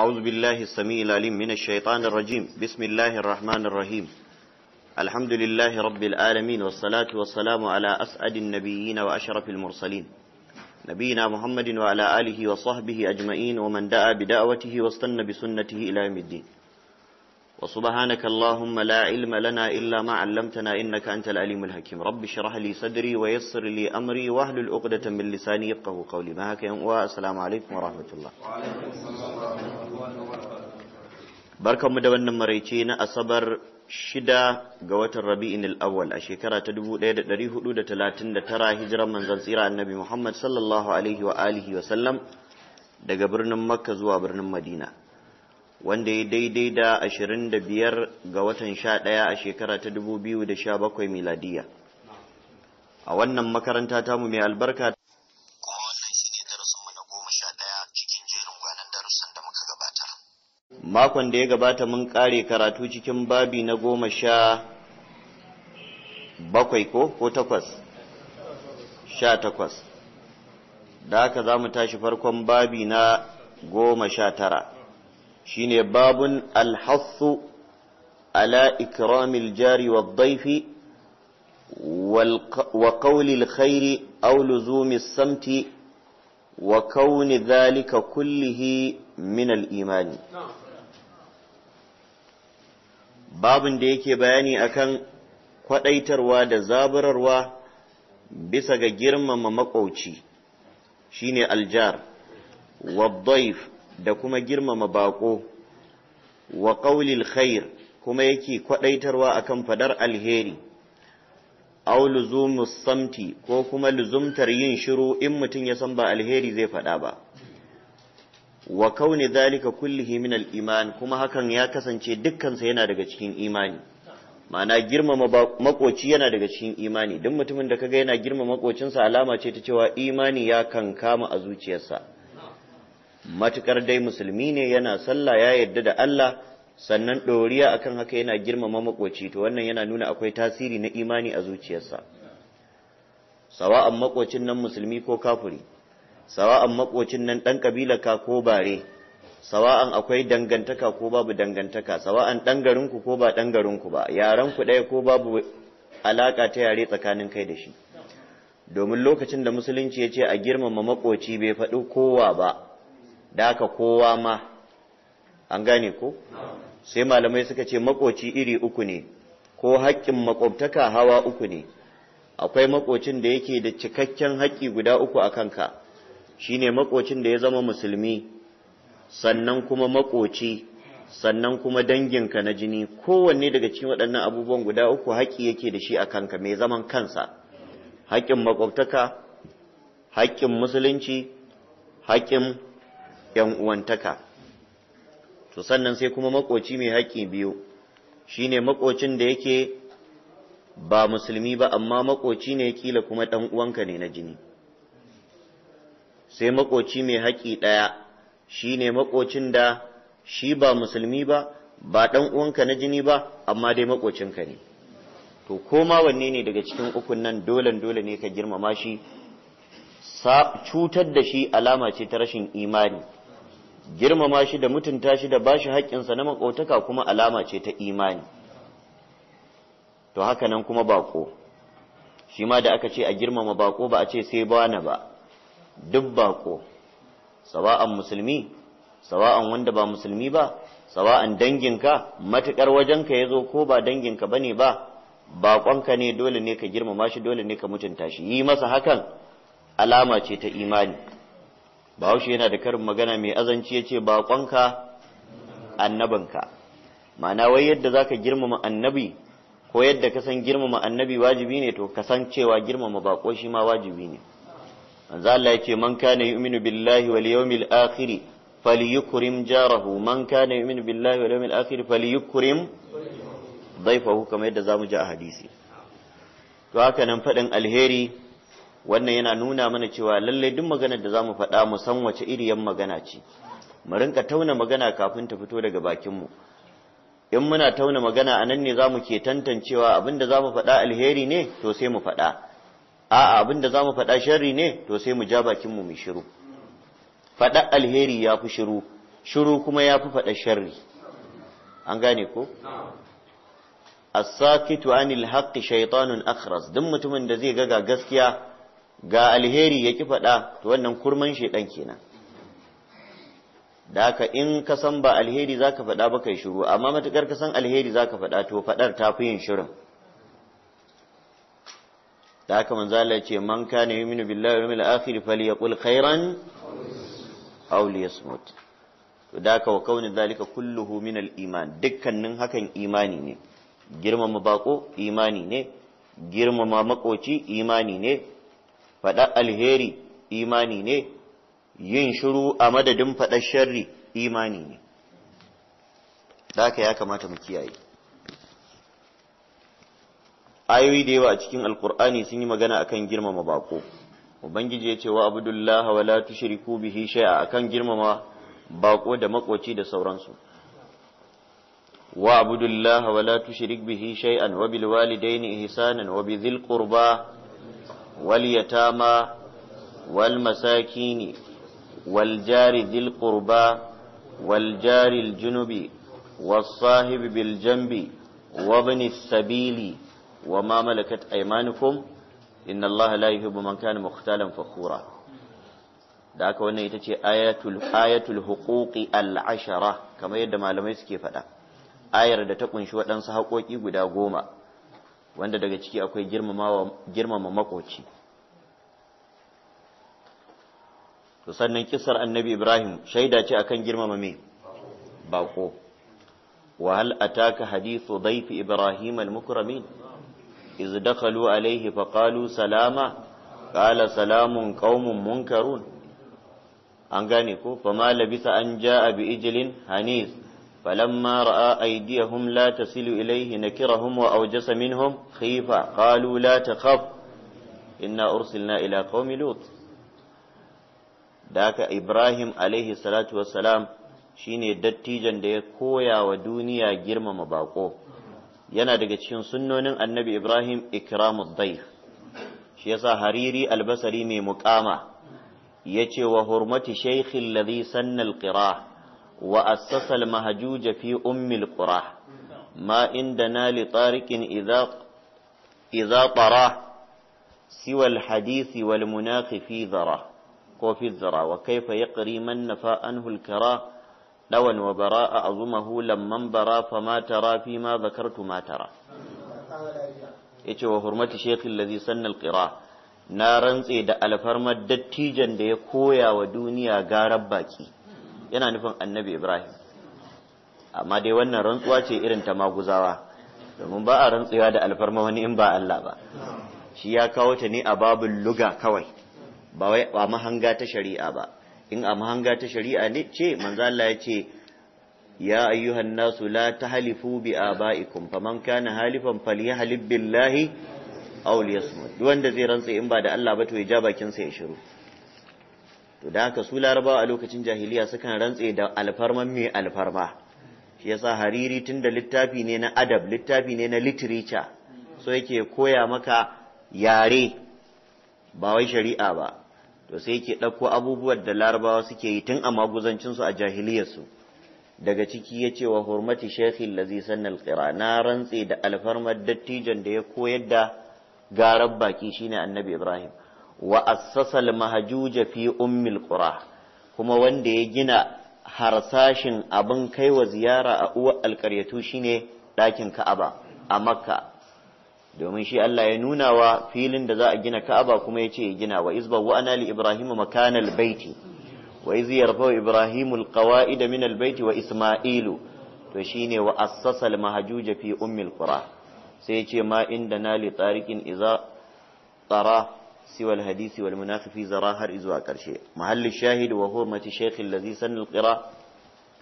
أعوذ بالله السميع العليم من الشيطان الرجيم بسم الله الرحمن الرحيم الحمد لله رب العالمين والصلاة والسلام على أسعد النبيين وأشرف المرسلين نبينا محمد وعلى آله وصحبه أجمعين ومن دعا بدعوته واستنى بسنته إلى يوم الدين وسبحانك اللهم لا علم لنا إلا ما علمتنا إنك أنت العليم الحكيم رب اشرح لي صدري ويسر لي أمري واحلل عقدة من لساني يفقه قولي ما هكذا السلام عليكم ورحمة الله وعليكم السلام mu da wannan maraice na asabar shida ga watan rabi'in al'awwal a shekara ta dubu da 1439 hijiran manzan tsira annabi muhammad sallallahu alaihi wa alihi wa sallam daga birnin makka zuwa birnin madina wanda ya daidai da ashirin da biyar ga watan sha ɗaya a shekara ta da sha 2017 miladiya a wannan makaranta tamu mai albarka makon da ya gabata mun kare karatu cikin babi na goma sha bakwai ko ko takwas sha takwas da haka za mu tashi farkon babi na goma sha tara shi ne babun alhassu ala ikramil jari wa daifi وقول الخير أو samti, wa وكون ذلك كله من الإيمان babin da yake bayani akan kwadaitarwa da zaburarwa bisa ga girmama makauci shine aljar waddaif da kuma girmama bako wa qaulil khair kuma yake kwadaitarwa akan fadar alheri aw luzumus samti ko kuma luzumtar yin shiru in mutum ya san ba alheri zai fada ba wa kauni dalika kullihi min al-iman kuma hakan ya kasance dukkansa yana daga cikin imani ma'ana girmama makoci yana daga cikin imani duk mutumin da kaga yana girmama makocinsa alama ce ta cewa imani ya kan kama a zuciyarsa matukar dai musulmi ne yana sallah ya yarda da Allah sannan ɗoriya akan haka yana girmama makoci to wannan yana nuna akwai tasiri na imani a zuciyarsa sawa'an makocin nan musulmi ko kafiri sawa'an makocin nan ɗan ka ko bare sawa'an akwai dangantaka ko babu dangantaka sawa'an ɗan garinku ko ba ɗan garinku ba yaran ku ɗaya ko babu alaƙa ta yare tsakanin kai da shi domin lokacin da musulunci ya ce a girmama makoci bai faɗi kowa ba da aka kowa ma an gane ko sai malamai suka ce makoci iri uku ne ko haƙƙin makwabtaka hawa uku ne akwai makocin da yake da cikakken haƙƙi guda uku a kanka shine makocin da ya zama musulmi sannan kuma makoci sannan kuma danginka na jini kowanne daga cikin waɗannan abubuwan guda uku haƙƙi yake da shi a kanka mai zaman kansa haƙƙin makwabtaka haƙƙin musulunci haƙƙin ‘yan uwantaka to sannan sai kuma makoci mai haƙƙi biyu shine makocin da yake ba musulmi ba amma makoci ne kila kuma ɗan uwanka ne na jini sai makoci mai haƙi ɗaya shi ne makocin da shi ba musulmi ba ba ɗan uwanka na jini ba amma dai makocinka ne to koma wanne ne daga cikin ukun nan dolen dole ne ka girmama shi cutar da shi alama ce ta rashin imani girmama shi da mutunta shi da bashi haƙƙinsa na makotaka kuma alama ce ta imani to haka nan kuma bako shi ma da aka ce a girmama bako ba a ce sai bana ba duk bako sawa'an musulmi sawa'an wanda ba musulmi ba sawa'an danginka matukar wajenka ya zo ko ba danginka bane ba baƙonka ne dole ne ka girmama shi dole ne ka mutunta shi yi masa hakan alama ce ta imani bahaushe yana da karin magana mai azanci ya ce baƙonka annabinka ma'ana wai yadda za ka girmama annabi ko yadda ka san girmama annabi wajibi ne to ka san cewa girmama baƙo shi ma wajibi ne manzo Allah yake man kana yu'minu billahi wal yawmil akhir falyukrim jarahu man kana yu'minu billahi wal yawmil akhir falyukrim dhaifahu kamar yadda zamu ji a hadisi to haka nan fadin alheri wannan yana nuna mana cewa lalle duk maganar da zamu faɗa mu san wace iriyan magana ce mu rinka tauna magana kafin ta fito daga bakin mu in muna tauna magana anan ne zamu ke tantancewa abinda zamu faɗa alheri ne to sai mu faɗa a'a abin da mu faɗa sharri ne to sai mu ja bakin mu shiru faɗa alheri ya fi shiru shiru kuma ya fi faɗa sharri an gane ko as-sakitu anil haqqi shaytanun akhras duk mutumin da zai ga ga gaskiya ga alheri ya ki faɗa to wannan kurman shedan kenan da haka in ka san ba alheri zaka faɗa ba kai shiru amma matukar ka san alheri zaka faɗa to faɗar ta fi yin shirin da haka manzo Allah ce man kana yu'minu billahi wal akhir falyaqul khairan aw liyasmut to da haka wa kauni zalika kulluhu min al iman dukkanin hakan imani ne girmama bako imani ne girmama makoci imani ne faɗa alheri imani ne yin shiru a madadin faɗar sharri imani ne da haka ya kamata mu kiyaye ayoyi da yawa a cikin alkur'ani sun yi magana akan girmama bako ubangiji ya ce wa abdullahi wa la tushriku bihi shay'a akan girmama bako da makoci da sauransu wa abdullahi wa la tushrik bihi shay'an wa bil walidaini ihsanan wa bi dhil qurba wal yatama wal masakin wal jari dhil qurba wal jari al junubi was sahib bil janbi sabili wa ma malakat aymanukum inna Allah la yuhibbu man kana mukhtalan fakhura da haka wannan ita ce ayatul ayatul huquqi kamar yadda malamai suke faɗa ayar da ta kunshi waɗansu haƙoƙi guda goma wanda daga ciki akwai girmama makoci to sannan kisar annabi ibrahim shaida ce akan girmama me bako wa hal ataka hadisu dayfi ibrahim al iz dakhalu alaihi faqalu salama qala salamun qaumun munkarun an gane ko fama labisa an jaa bi ijlin hanis فلما رأى أيديهم لا تصل إليه نكرهم وأوجس منهم خيفة قالوا لا تخف إنا أرسلنا إلى قوم لوط ذاك إبراهيم عليه الصلاة والسلام shine dattijan da ya koya wa duniya girmama baƙo yana daga cikin sunnonin annabi ibrahim ikramud dayf shi yasa hariri albasari mai muqama yace wa hurmati shaykhi alladhi sanna alqira wa assasa almahjuja fi ummi alqura ma indana li tariqin idha idha tara siwa alhadith wal fi dhara ko fi dhara wa kayfa yaqri man nafa anhu alkara ɗawan wa bara a azumahu lamman bara fa ma tara fi ma zakartu ma tara yace wa hurmati shaykh allazi sanna alqira na rantse da alfarmar dattijan da ya koya wa duniya garar baki yana nufin annabi ibrahim amma dai wannan rantsuwa ce irin ta maguzawa domin ba a rantsuwa da alfarma wani in ba Allah ba shi ya kawo ta ne a babin luga kawai ba ba mahanga ta shari'a ba in a mahanga ta shari'a ne ce manzo ya ce ya ayyuhan nasu la tahlifu bi abaikum faman kana halifan falyahlib billahi aw liyasmut duk wanda zai rantsa in ba da Allah ba to ya ja bakin sa ya shiru to da haka su larabawa a lokacin jahiliya sukan rantse da alfarma mai alfarma shi yasa hariri tunda littafi ne na adab littafi ne na literature so yake koya maka yare ba wai shari'a ba to sai yake ɗauko abubuwan da larabawa suke yi tun a maguzancinsu a jahiliyarsu daga ciki ya ce wa hurmati shekhi lazi sannan tsira na rantse da alfarmar dattijan da ya koyar da garar baki shine annabi ibrahim wa assasal mahajuja fi ummil qura kuma wanda ya gina harsashin abin kai wa ziyara a uwa alkaryatu shine ɗakin ka'aba a makka domin shi Allah ya nuna wa filin da za a gina Ka'aba kuma ya ce ya gina wa izba wa ana li Ibrahim makanal baiti wa iz yarfa Ibrahim alqawaid min baiti wa Isma'ilu to shine wa assasa almahjuja fi ummi alqura sai ce ma inda nali li tariqin iza tara siwa alhadisi wal zara har izuwa karshe mahallu shahid wa hurmati shaykh allazi sanna alqira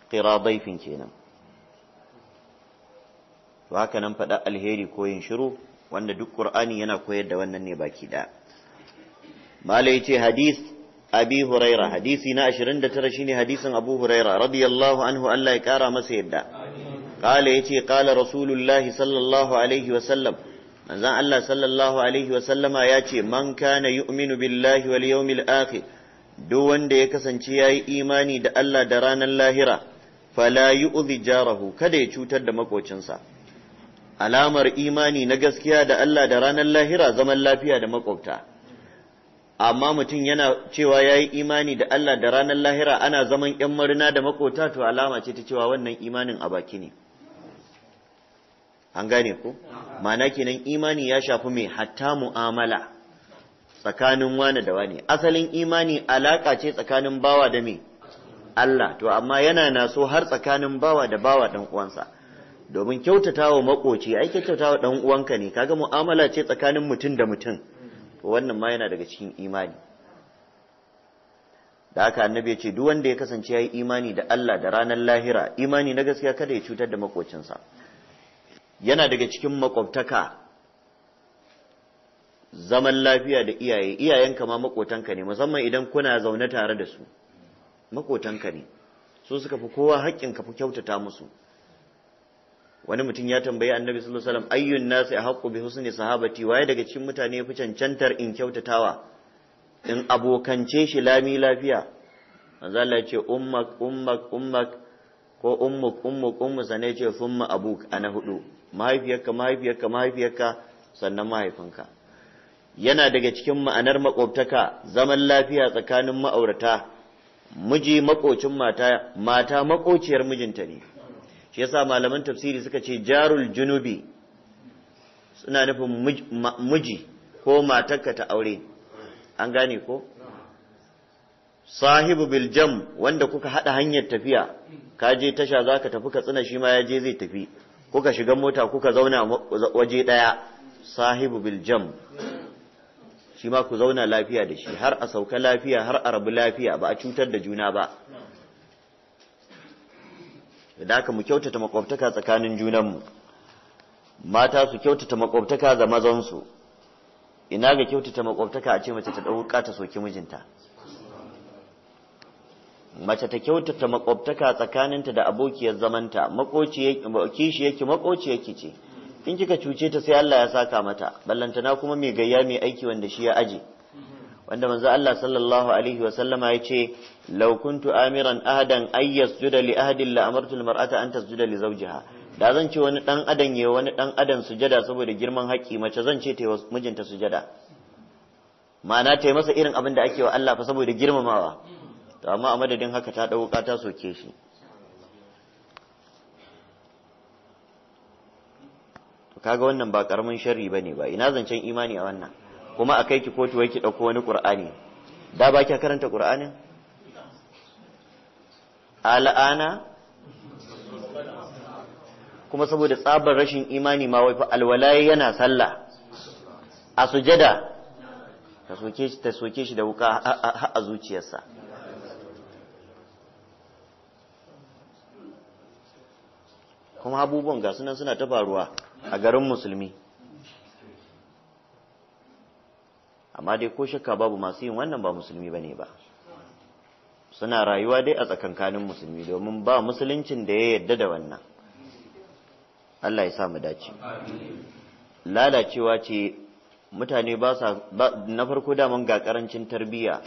qira dayfin kenan to haka nan faɗa alheri ko yin shiru wanda duk ƙur'ani yana koyar da wannan ne baki da malai ce hadis abi huraira hadisi na tara shine hadisin abu huraira radiyallahu anhu Allah ya kara masa yadda qala yace kala rasulullahi sallallahu alaihi wa sallam Manzan Allah sallallahu alaihi wa sallama ce man kana yu'minu billahi wal yawmil akhir duk wanda ya kasance yayi imani da Allah da ranar lahira fala yu'dhi jarahu kada ya cutar da makocinsa alamar imani na gaskiya da Allah da ranar lahira zaman lafiya da makwabta amma mutum yana cewa ya yi imani da Allah da ranar lahira ana zaman ‘yan marina da makwabta to alama ce ta cewa wannan imanin a baki ne an gane ku mana kenan imani ya shafi mai hatta mu'amala tsakanin wane da wane asalin imani alaƙa ce tsakanin bawa da mai Allah to amma yana naso har tsakanin bawa da bawa ɗan uwansa domin wa makoci ai wa dan uwanka ne kaga mu'amala ce tsakanin mutum da mutum to wannan ma yana daga cikin imani da haka annabi ya ce duk wanda ya kasance yayi imani da Allah da ranar lahira imani na gaskiya kada ya cutar da makocinsa yana daga cikin makwabtaka zaman lafiya da iyaye iyayenka ma makotanka ne musamman idan kuna zaune tare da su makotanka ne su suka fi kowa haƙƙin ka fi kyautata musu wani mutum ya tambayi annabi sallallahu alaihi wasallam ayyun nasi ahqqu bi husni sahabati waye daga cikin mutane ya fi cancantar in kyautatawa in abokance shi lami lafiya manzo Allah ya ce ummak ummak ummak ko ummuk ummuk ummu sanai ce thumma abuk ana hudu mahaifiyarka mahaifiyarka mahaifiyarka sannan mahaifinka yana daga cikin ma'anar makwabtaka zaman lafiya tsakanin ma'aurata miji makocin mata mata makociyar mijinta ne shi yasa malaman tafsiri suka ce jarul junubi suna nufin miji ko matarka ta aure an gane ko sahibu biljam wanda kuka haɗa hanyar tafiya ka je tasha za ka tafi ka tsina shi ma ya je zai tafi kuka shiga mota kuka zauna waje ɗaya sahibu biljam shi ma ku zauna lafiya da shi har a sauka lafiya har a rabu lafiya ba a cutar da juna ba da aka mu kyautata makwabtaka tsakanin junanmu mata su kyautata makwabtaka mazan mazansu ina ga kyautata makwabtaka a ce mace ta ɗauka ta soki mijinta mace ta kyautata makwabtaka tsakaninta da abokiyar zamanta kishi yake makoci yake ce in kika cuce ta sai Allah ya saka mata ballantana kuma mai gayya mai aiki wanda shi ya aje wanda manzo Allah sallallahu alaihi wa sallama ya ce law kuntu amiran ahadan Ayyas, juda li ahadin la amartu al mar'ata an tasjuda li zawjiha da zan ce wani dan adam ya wani dan adam sujada saboda girman haƙi mace zan ce ta mijinta sujada ma'ana ta masa irin abin da ake wa Allah fa saboda girmamawa to amma a madadin haka ta dauka ta soke shi to kaga wannan ba karamin sharri bane ba ina zancen imani a wannan kuma a kai ki kotu wai ki ɗauko wani ƙur'ani da ba ki karanta ƙur'anin al'ana kuma saboda tsabar rashin imani ma wai fa yana sallah a sujada ta soke shi da wuka a zuciyarsa kuma abubuwan ga sunan suna ta faruwa a garin musulmi amma dai ko shakka babu masu yin wannan ba musulmi bane ba suna rayuwa dai a tsakankanin musulmi domin ba musuluncin da ya yadda da wannan Allah ya sa mu dace lalacewa ce mutane ba sa na farko daman ga karancin tarbiyya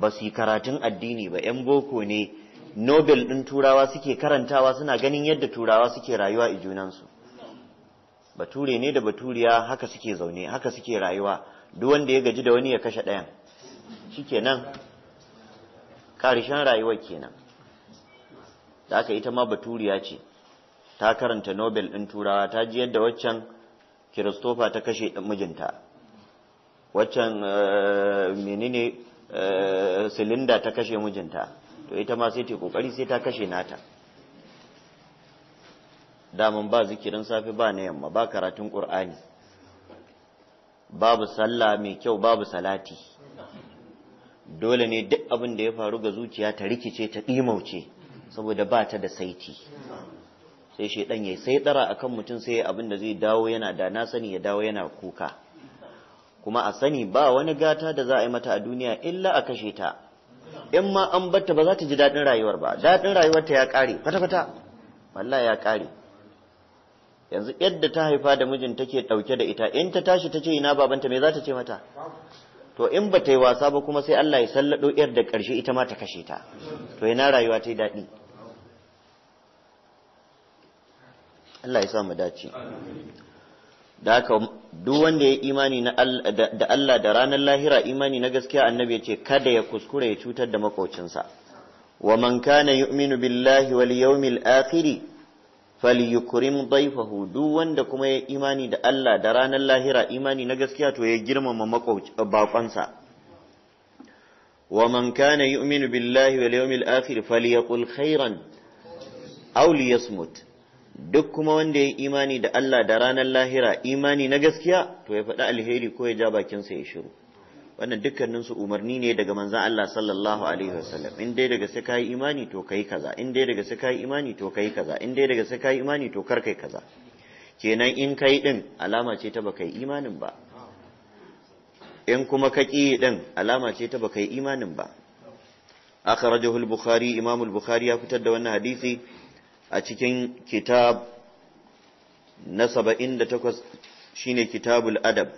ba su karatun addini ba yan boko ne nobel ɗin turawa suke karantawa suna ganin yadda turawa suke rayuwa a junansu bature ne da baturiya haka suke zaune haka suke rayuwa duk wanda ya gaji da wani ya kashe ɗayan nan ƙarshen rayuwar kenan da aka ita ma baturiya ce ta karanta nobel ɗin turawa ta ji yadda waccan kiristofa ta kashe mijinta waccan eh, menene silinda eh, ta kashe mijinta to ita ma sai ta kokari sai ta kashe nata daman ba zikirin safi ba na yamma ba karatun ƙur'ani babu sallah mai kyau babu salati dole ne duk abin da ya faru ga zuciya ta rikice ta ɗimauce saboda ba ta da saiti sai shaidan ya sai tsara akan mutum sai abin da zai dawo yana da na sani ya dawo yana kuka kuma a sani ba wani gata da za a yi mata a duniya illa a kashe ta in ma an batta ba za ta ji daɗin rayuwar ba daɗin rayuwarta ya ƙare kwata-kwata wallahi ya ƙare yanzu yadda ta haifa da mijin take dauke da ita in ta tashi ta ce ina babanta me za ta ce mata to in ba ta yi wasa ba kuma sai Allah ya sallado yar da karshe ita ma ta kashe ta to ina rayuwa ta yi dadi? Allah ya sa mu dace da haka duk wanda ya imani na da Allah da ranar lahira imani na gaskiya annabi ya ce kada ya kuskure ya cutar da makocinsa wa man kana yu'minu billahi wal yawmil akiri. falyukrim daifahu hudu wanda kuma ya imani da Allah da ranar lahira imani na gaskiya to ya girmama bakonsa wa man kana yu'minu billahi wal yawmil akhir falyaqul khairan aw duk kuma wanda ya imani da Allah da ranar lahira imani na gaskiya to ya faɗi alheri ko ya ja bakinsa ya shiru wannan dukkanin su umarni ne daga manzan Allah sallallahu alaihi wasallam in dai daga sai kai imani to kai kaza in dai daga sai kai imani to kai kaza in dai daga sai kai imani to kar kai kaza kenan in kai din alama ce ta baka yi imanin ba in kuma ka ƙi din alama ce ta baka yi imanin ba akhrajahu al-bukhari imam al-bukhari ya fitar da wannan hadisi a cikin kitab na 78 shine kitabul adab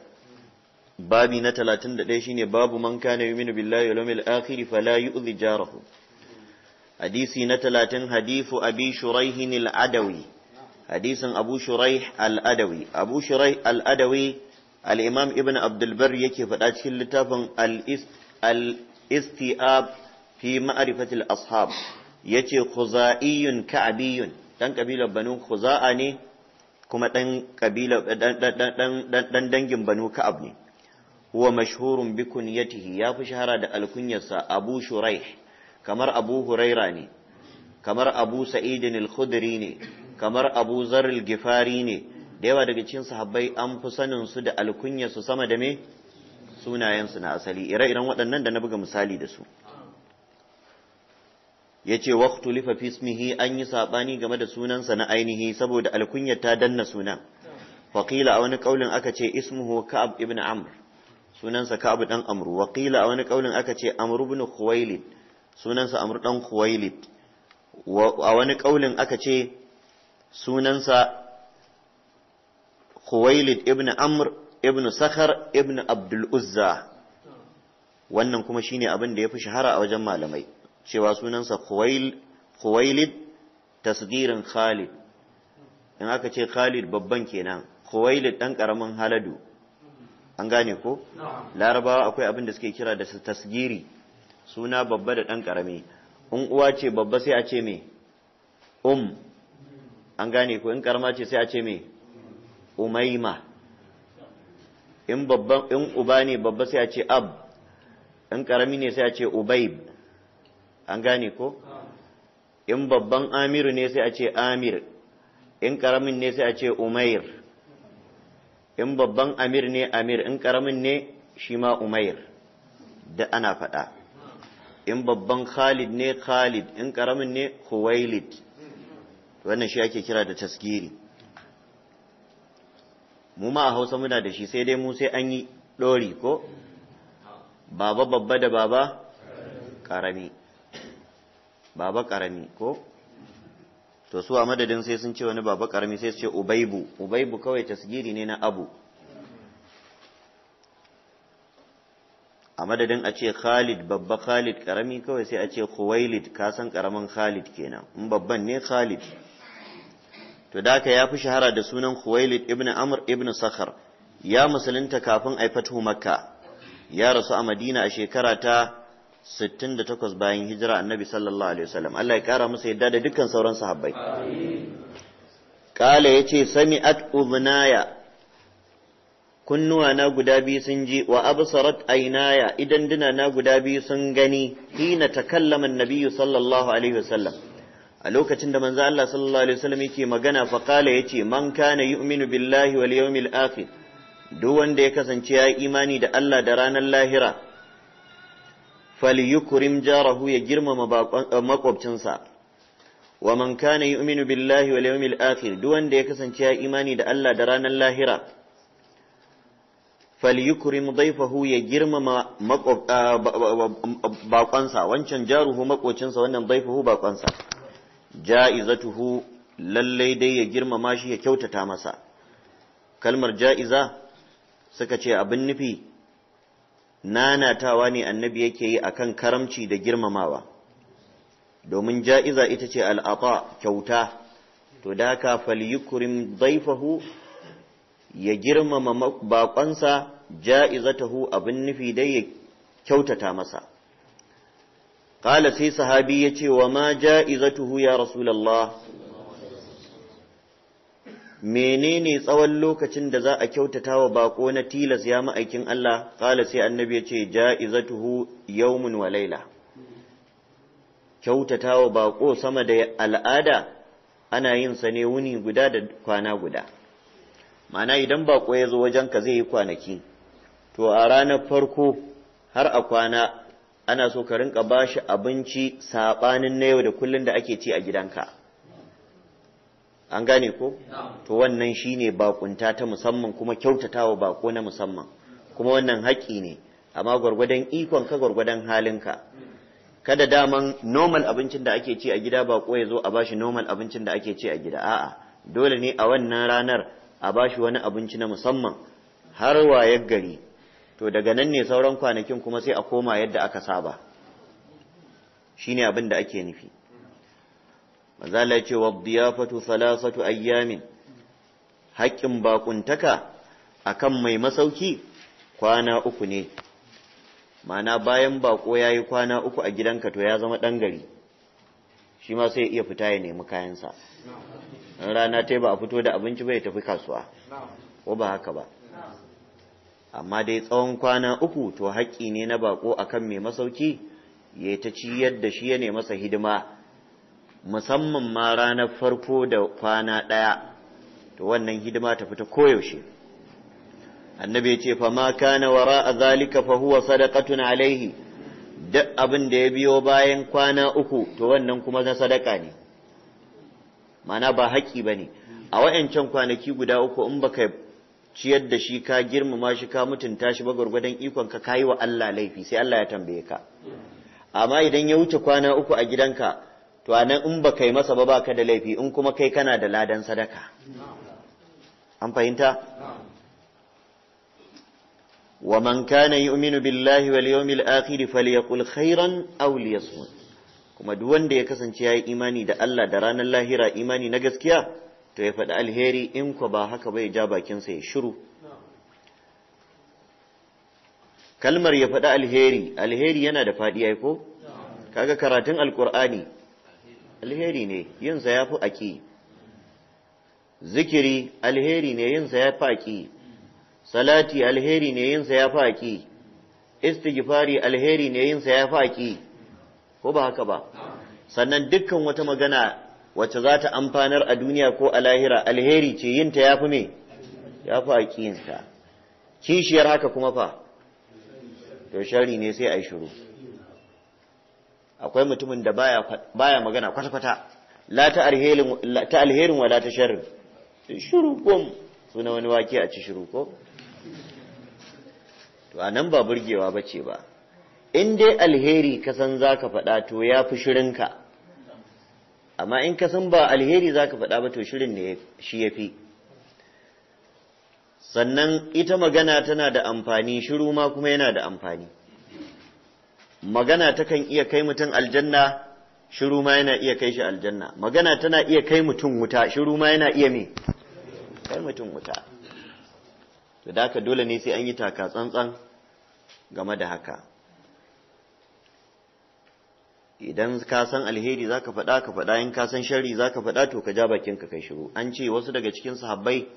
babi na ɗaya shine babu man kana yu'minu billahi wal yawmil akhir fala yu'dhi jarahu hadisi na talatin hadithu abi shuraihin al-adawi hadisin abu shuraih al-adawi abu shuraih al-adawi al-imam ibn bar yake faɗa cikin littafin al-istiab fi ma'rifatil ashab yace khuza'iyun ka'biyun dan kabilar banu khuza'a ne kuma dan dan dangin banu ka'ab ne huwa mashhurun bi kunyatihi ya fi shahara da alkunyarsa abu shuraih kamar abu huraira ne kamar abu sa'idin al ne kamar abu zar al-gifari ne da yawa daga cikin sahabbai an fi sanin su da alkunyarsu sama da me sunayensu na asali ire-iren waɗannan da na buga misali da su ya ce waqtu lifa fismihi an yi saɓani game da sunansa na ainihi saboda alkunyar ta danna sunan faƙila a wani ƙaulin aka ce ismuhu ka'ab ibn amr sunansa Ka'ab ɗan Amru wa qila wani kaulin aka ce Amru ibn Khuwailid sunansa Amru dan Khuwailid a wani kaulin aka ce sunansa Khuwailid ibn Amr ibn Sakhar ibn Abdul Uzza wannan kuma shine abin da ya fi shahara a wajen malamai cewa sunansa kuwailid Khuwailid tasgirin Khalid in aka ce Khalid babban kenan Khuwailid ɗan ƙaramin Haladu an gane ko larabawa akwai abin da suke kira da tasgiri suna babba da ɗan ƙarami in uwa ce babba sai a ce me um an gane ko in ƙarama ce sai a ce me umaima in uba ne babba sai a ce ab in ƙarami ne sai a ce ubaib an gane ko in babban amiru ne sai a ce amir in ƙaramin ne sai a ce umair in babban amir ne amir in karamin ne shi ma umair da ana faɗa in babban khalid ne khalid in karamin ne huwailid wannan shi ake kira da taskiri mu ma a hausa muna da shi sai dai mu sai an yi ɗori ko baba babba da baba ƙarami baba ƙarami ko to su a madadin sai sun ce wani baba karami sai su ce ubaibu ubaibu kawai tasgiri ne na abu a madadin a ce khalid babba khalid karami kawai sai a ce khuwailid kasan karamin khalid kenan in babban ne khalid to da ya fi shahara da sunan khuwailid ibn amr ibn sakhar ya musulunta kafin a fatu makka ya rasu a madina a shekara ta takwas bayan hijira annabi sallallahu alaihi wasallam Allah ya kara musu yadda da dukkan sauran sahabbai kala yace sami'at uznaya kunnuwa na guda biyu sun ji wa absarat ainaya idan dina na guda biyu sun gani hina takallama annabiyyu sallallahu alaihi wasallam a lokacin da manzo Allah sallallahu alaihi wasallam yake magana fa kala yace man kana yu'minu billahi wal yawmil akhir duk wanda ya kasance ya imani da Allah da ranar lahira falyukrim jarahu ya girmama makwabcinsa wa man kana yu'minu billahi wal yawmil duk wanda ya kasance ya yi imani da Allah da ranar lahira falyukrim dayfahu ya girmama bakonsa wancan jaruhu makocinsa wannan dayfahu bakonsa ja'izatuhu lallai dai ya girmama shi ya kyautata masa kalmar ja'iza suka ce abin nufi nanatawa ne annabi yake yi a kan karamci da girmamawa domin ja'iza ita ce al'ata kyauta to da ka falyukrim zaifahu ya girmama bakonsa tuhu abin nufi dai ya kyautata masa qala sai sahabi ce wa ma ja'iza tuhu, ya Rasulallah. menene tsawon lokacin da za a kyautata wa bako na tilas ya ma'aikin Allah kala sai annabi ya ce ja'izatuhu yawmun wa laila kyautata wa bako sama da al'ada ana yin sa ne wuni guda da kwana guda ma'ana idan bako ya zo wajen ka zai yi kwanaki to a ranar farko har a kwana ana so ka rinka bashi abinci saɓanin na yau da kullun da ake ci a gidanka an gane ko to wannan shine bakunta ta musamman kuma kyautatawa bako na musamman kuma wannan haƙƙi ne amma gwargwadon ikon ka gwargwadon halinka kada daman normal abincin da ake ci a gida bako ya zo a bashi normal abincin da ake ci a gida a'a dole ne a wannan ranar a bashi wani abinci na musamman har wayar gari to daga nan ne sauran kwanakin kuma sai a koma yadda aka saba shine abin da ake nufi mazala ya ce wa diyafatu salasatu ayyamin haƙƙin bakuntaka akan mai masauki kwana uku ne mana bayan bako yi kwana uku a gidanka to ya zama ɗan gari shi ma sai iya fita ya nemi kayansa rana ta ba a fito da abinci ba ya tafi kasuwa ko ba haka ba amma dai tsawon kwana uku to haƙƙi ne na bako akan mai masauki ya ta ci yadda shi ya ne masa hidima musamman ma ranar farko da kwana ɗaya to wannan hidima ta fita koyaushe annabi ya ce fa ma kana wara a zalika fa huwa sadaqatun alaihi duk abin da ya biyo bayan kwana uku to wannan kuma na sadaka ne mana ba haƙi ba ne a wa'yancan kwanaki guda uku in baka ciyar da shi ka girmama shi ka mutunta shi ba gwargwadon ikon ka kayi wa Allah laifi sai Allah ya tambaye ka amma idan ya wuce kwana uku a gidanka to anan in ba kai masa ba baka da laifi in kuma kai kana da ladan sadaka an fahimta wa man kana yu'minu billahi wal yawmil akhir falyaqul khairan aw liyasmut kuma duk wanda ya kasance yayi imani da Allah da ranar lahira imani na gaskiya to ya faɗi alheri in ko ba haka bai ja bakinsa ya shiru kalmar ya faɗi alheri alheri yana da faɗi ai ko kaga karatun alkur'ani alheri ne yin ya fi aki zikiri alheri ne yin ya fi aki salati alheri ne yin ya fi aki istighfari alheri ne yin ya fi aki ko ba haka ba sannan dukkan wata magana wacce za ta amfanar a duniya ko a lahira alheri ce yin ta fi me fi aki yin ta kishiyar haka kuma fa to shari ne sai ai shiru akwai mutumin da baya magana kwata-kwata ta alherin wa la ta shiru kom suna wani wake a ci shiru ko to anan ba burgewa bace ba in dai alheri ka san zaka faɗa to ya fi shirinka amma in ka san ba alheri zaka faɗa ba to shirin ne shi ya fi sannan ita magana tana da amfani shiru ma kuma yana da amfani magana takan iya kai mutum aljanna shiru ma yana iya kai shi aljanna magana tana iya kai mutum wuta shiru ma yana iya me kai mutum wuta to da dole ne sai an yi taka tsantsan game da haka idan ka san alheri zaka faɗa ka faɗa in kasan shari za zaka faɗa to ka ja bakin ka kai shiru an ce wasu daga cikin sahabbai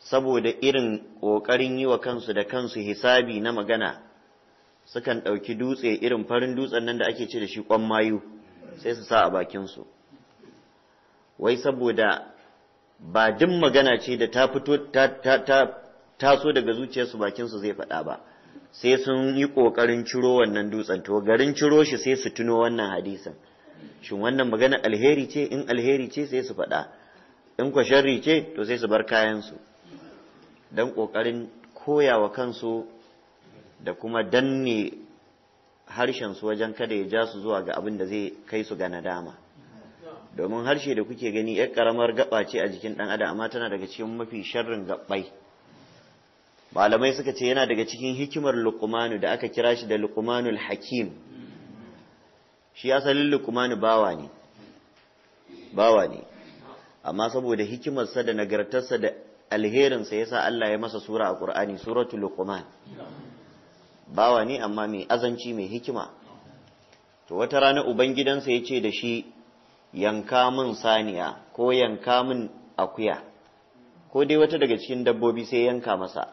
saboda irin ƙoƙarin yi wa kansu da kansu hisabi na magana sukan ɗauki dutse irin farin dutsen nan da ake ce da shi kwan mayu sai su sa a bakinsu wai saboda ba duk magana ce da ta fito ta taso daga zuciyarsu bakinsu zai faɗa ba sai sun yi ƙoƙarin ciro wannan dutsen to garin ciro shi sai su tuno wannan hadisin shin wannan magana alheri ce in alheri ce sai su faɗa in kwa sharri ce to sai su bar kayansu don ƙoƙarin koya wa kansu da kuma danne harshen su wajen kada ya ja su zuwa ga abin da zai kai su ga nadama domin harshe da kuke gani yar karamar gaba ce a jikin dan adam amma tana daga cikin mafi sharrin gabbai malamai suka ce yana daga cikin hikimar luqmanu da aka kira shi da luqmanul hakim shi asalin luqmanu bawa ne bawa ne amma saboda hikimarsa da nagartarsa da alherinsa yasa Allah ya masa sura a Qur'ani suratul luqman bawa ne amma mai azanci mai hikima to wata rana ubangidansa ya ce da shi yanka min saniya ko yanka min akuya ko dai wata daga cikin dabbobi sai yanka masa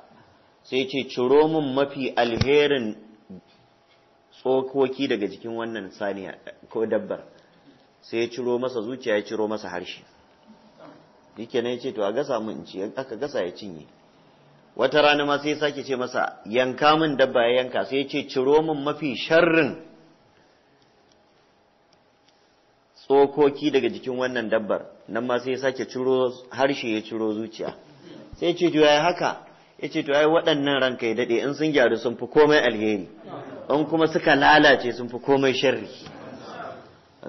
sai ce ciro min mafi alherin tsokoki daga jikin wannan saniya ko dabbar sai ya ciro masa zuciya ya ciro masa harshe dike na ya ce to a gasa mun in ci aka gasa ya cinye wata rana ma sai ya sake ce masa yanka min dabba ya yanka sai ya ce ciro min mafi sharrin tsokoki daga jikin wannan dabbar nan ma sai ya sake ciro harshe ya ciro zuciya sai ya ce to yayi haka ya ce to yayi waɗannan ranka ya daɗe in sun gyaru sun fi komai alheri in kuma suka lalace sun fi komai sharri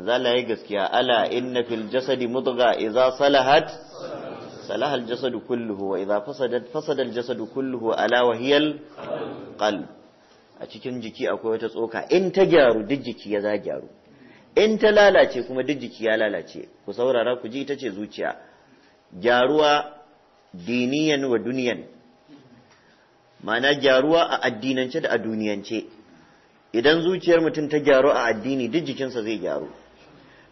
zala yi gaskiya ala inna fil jasadi mudgha idza salahat salaha al-jasadu kulluhu wa jasadu kulluhu ala wa a cikin jiki akwai wata tsoka in ta gyaru duk jiki ya za gyaru in ta lalace kuma duk jiki ya lalace ku saurara ku ji ita ce zuciya gyaruwa diniyan wa duniyan ma'ana gyaruwa a addinance da a duniyance idan zuciyar mutum ta gyaru a addini duk jikinsa zai gyaru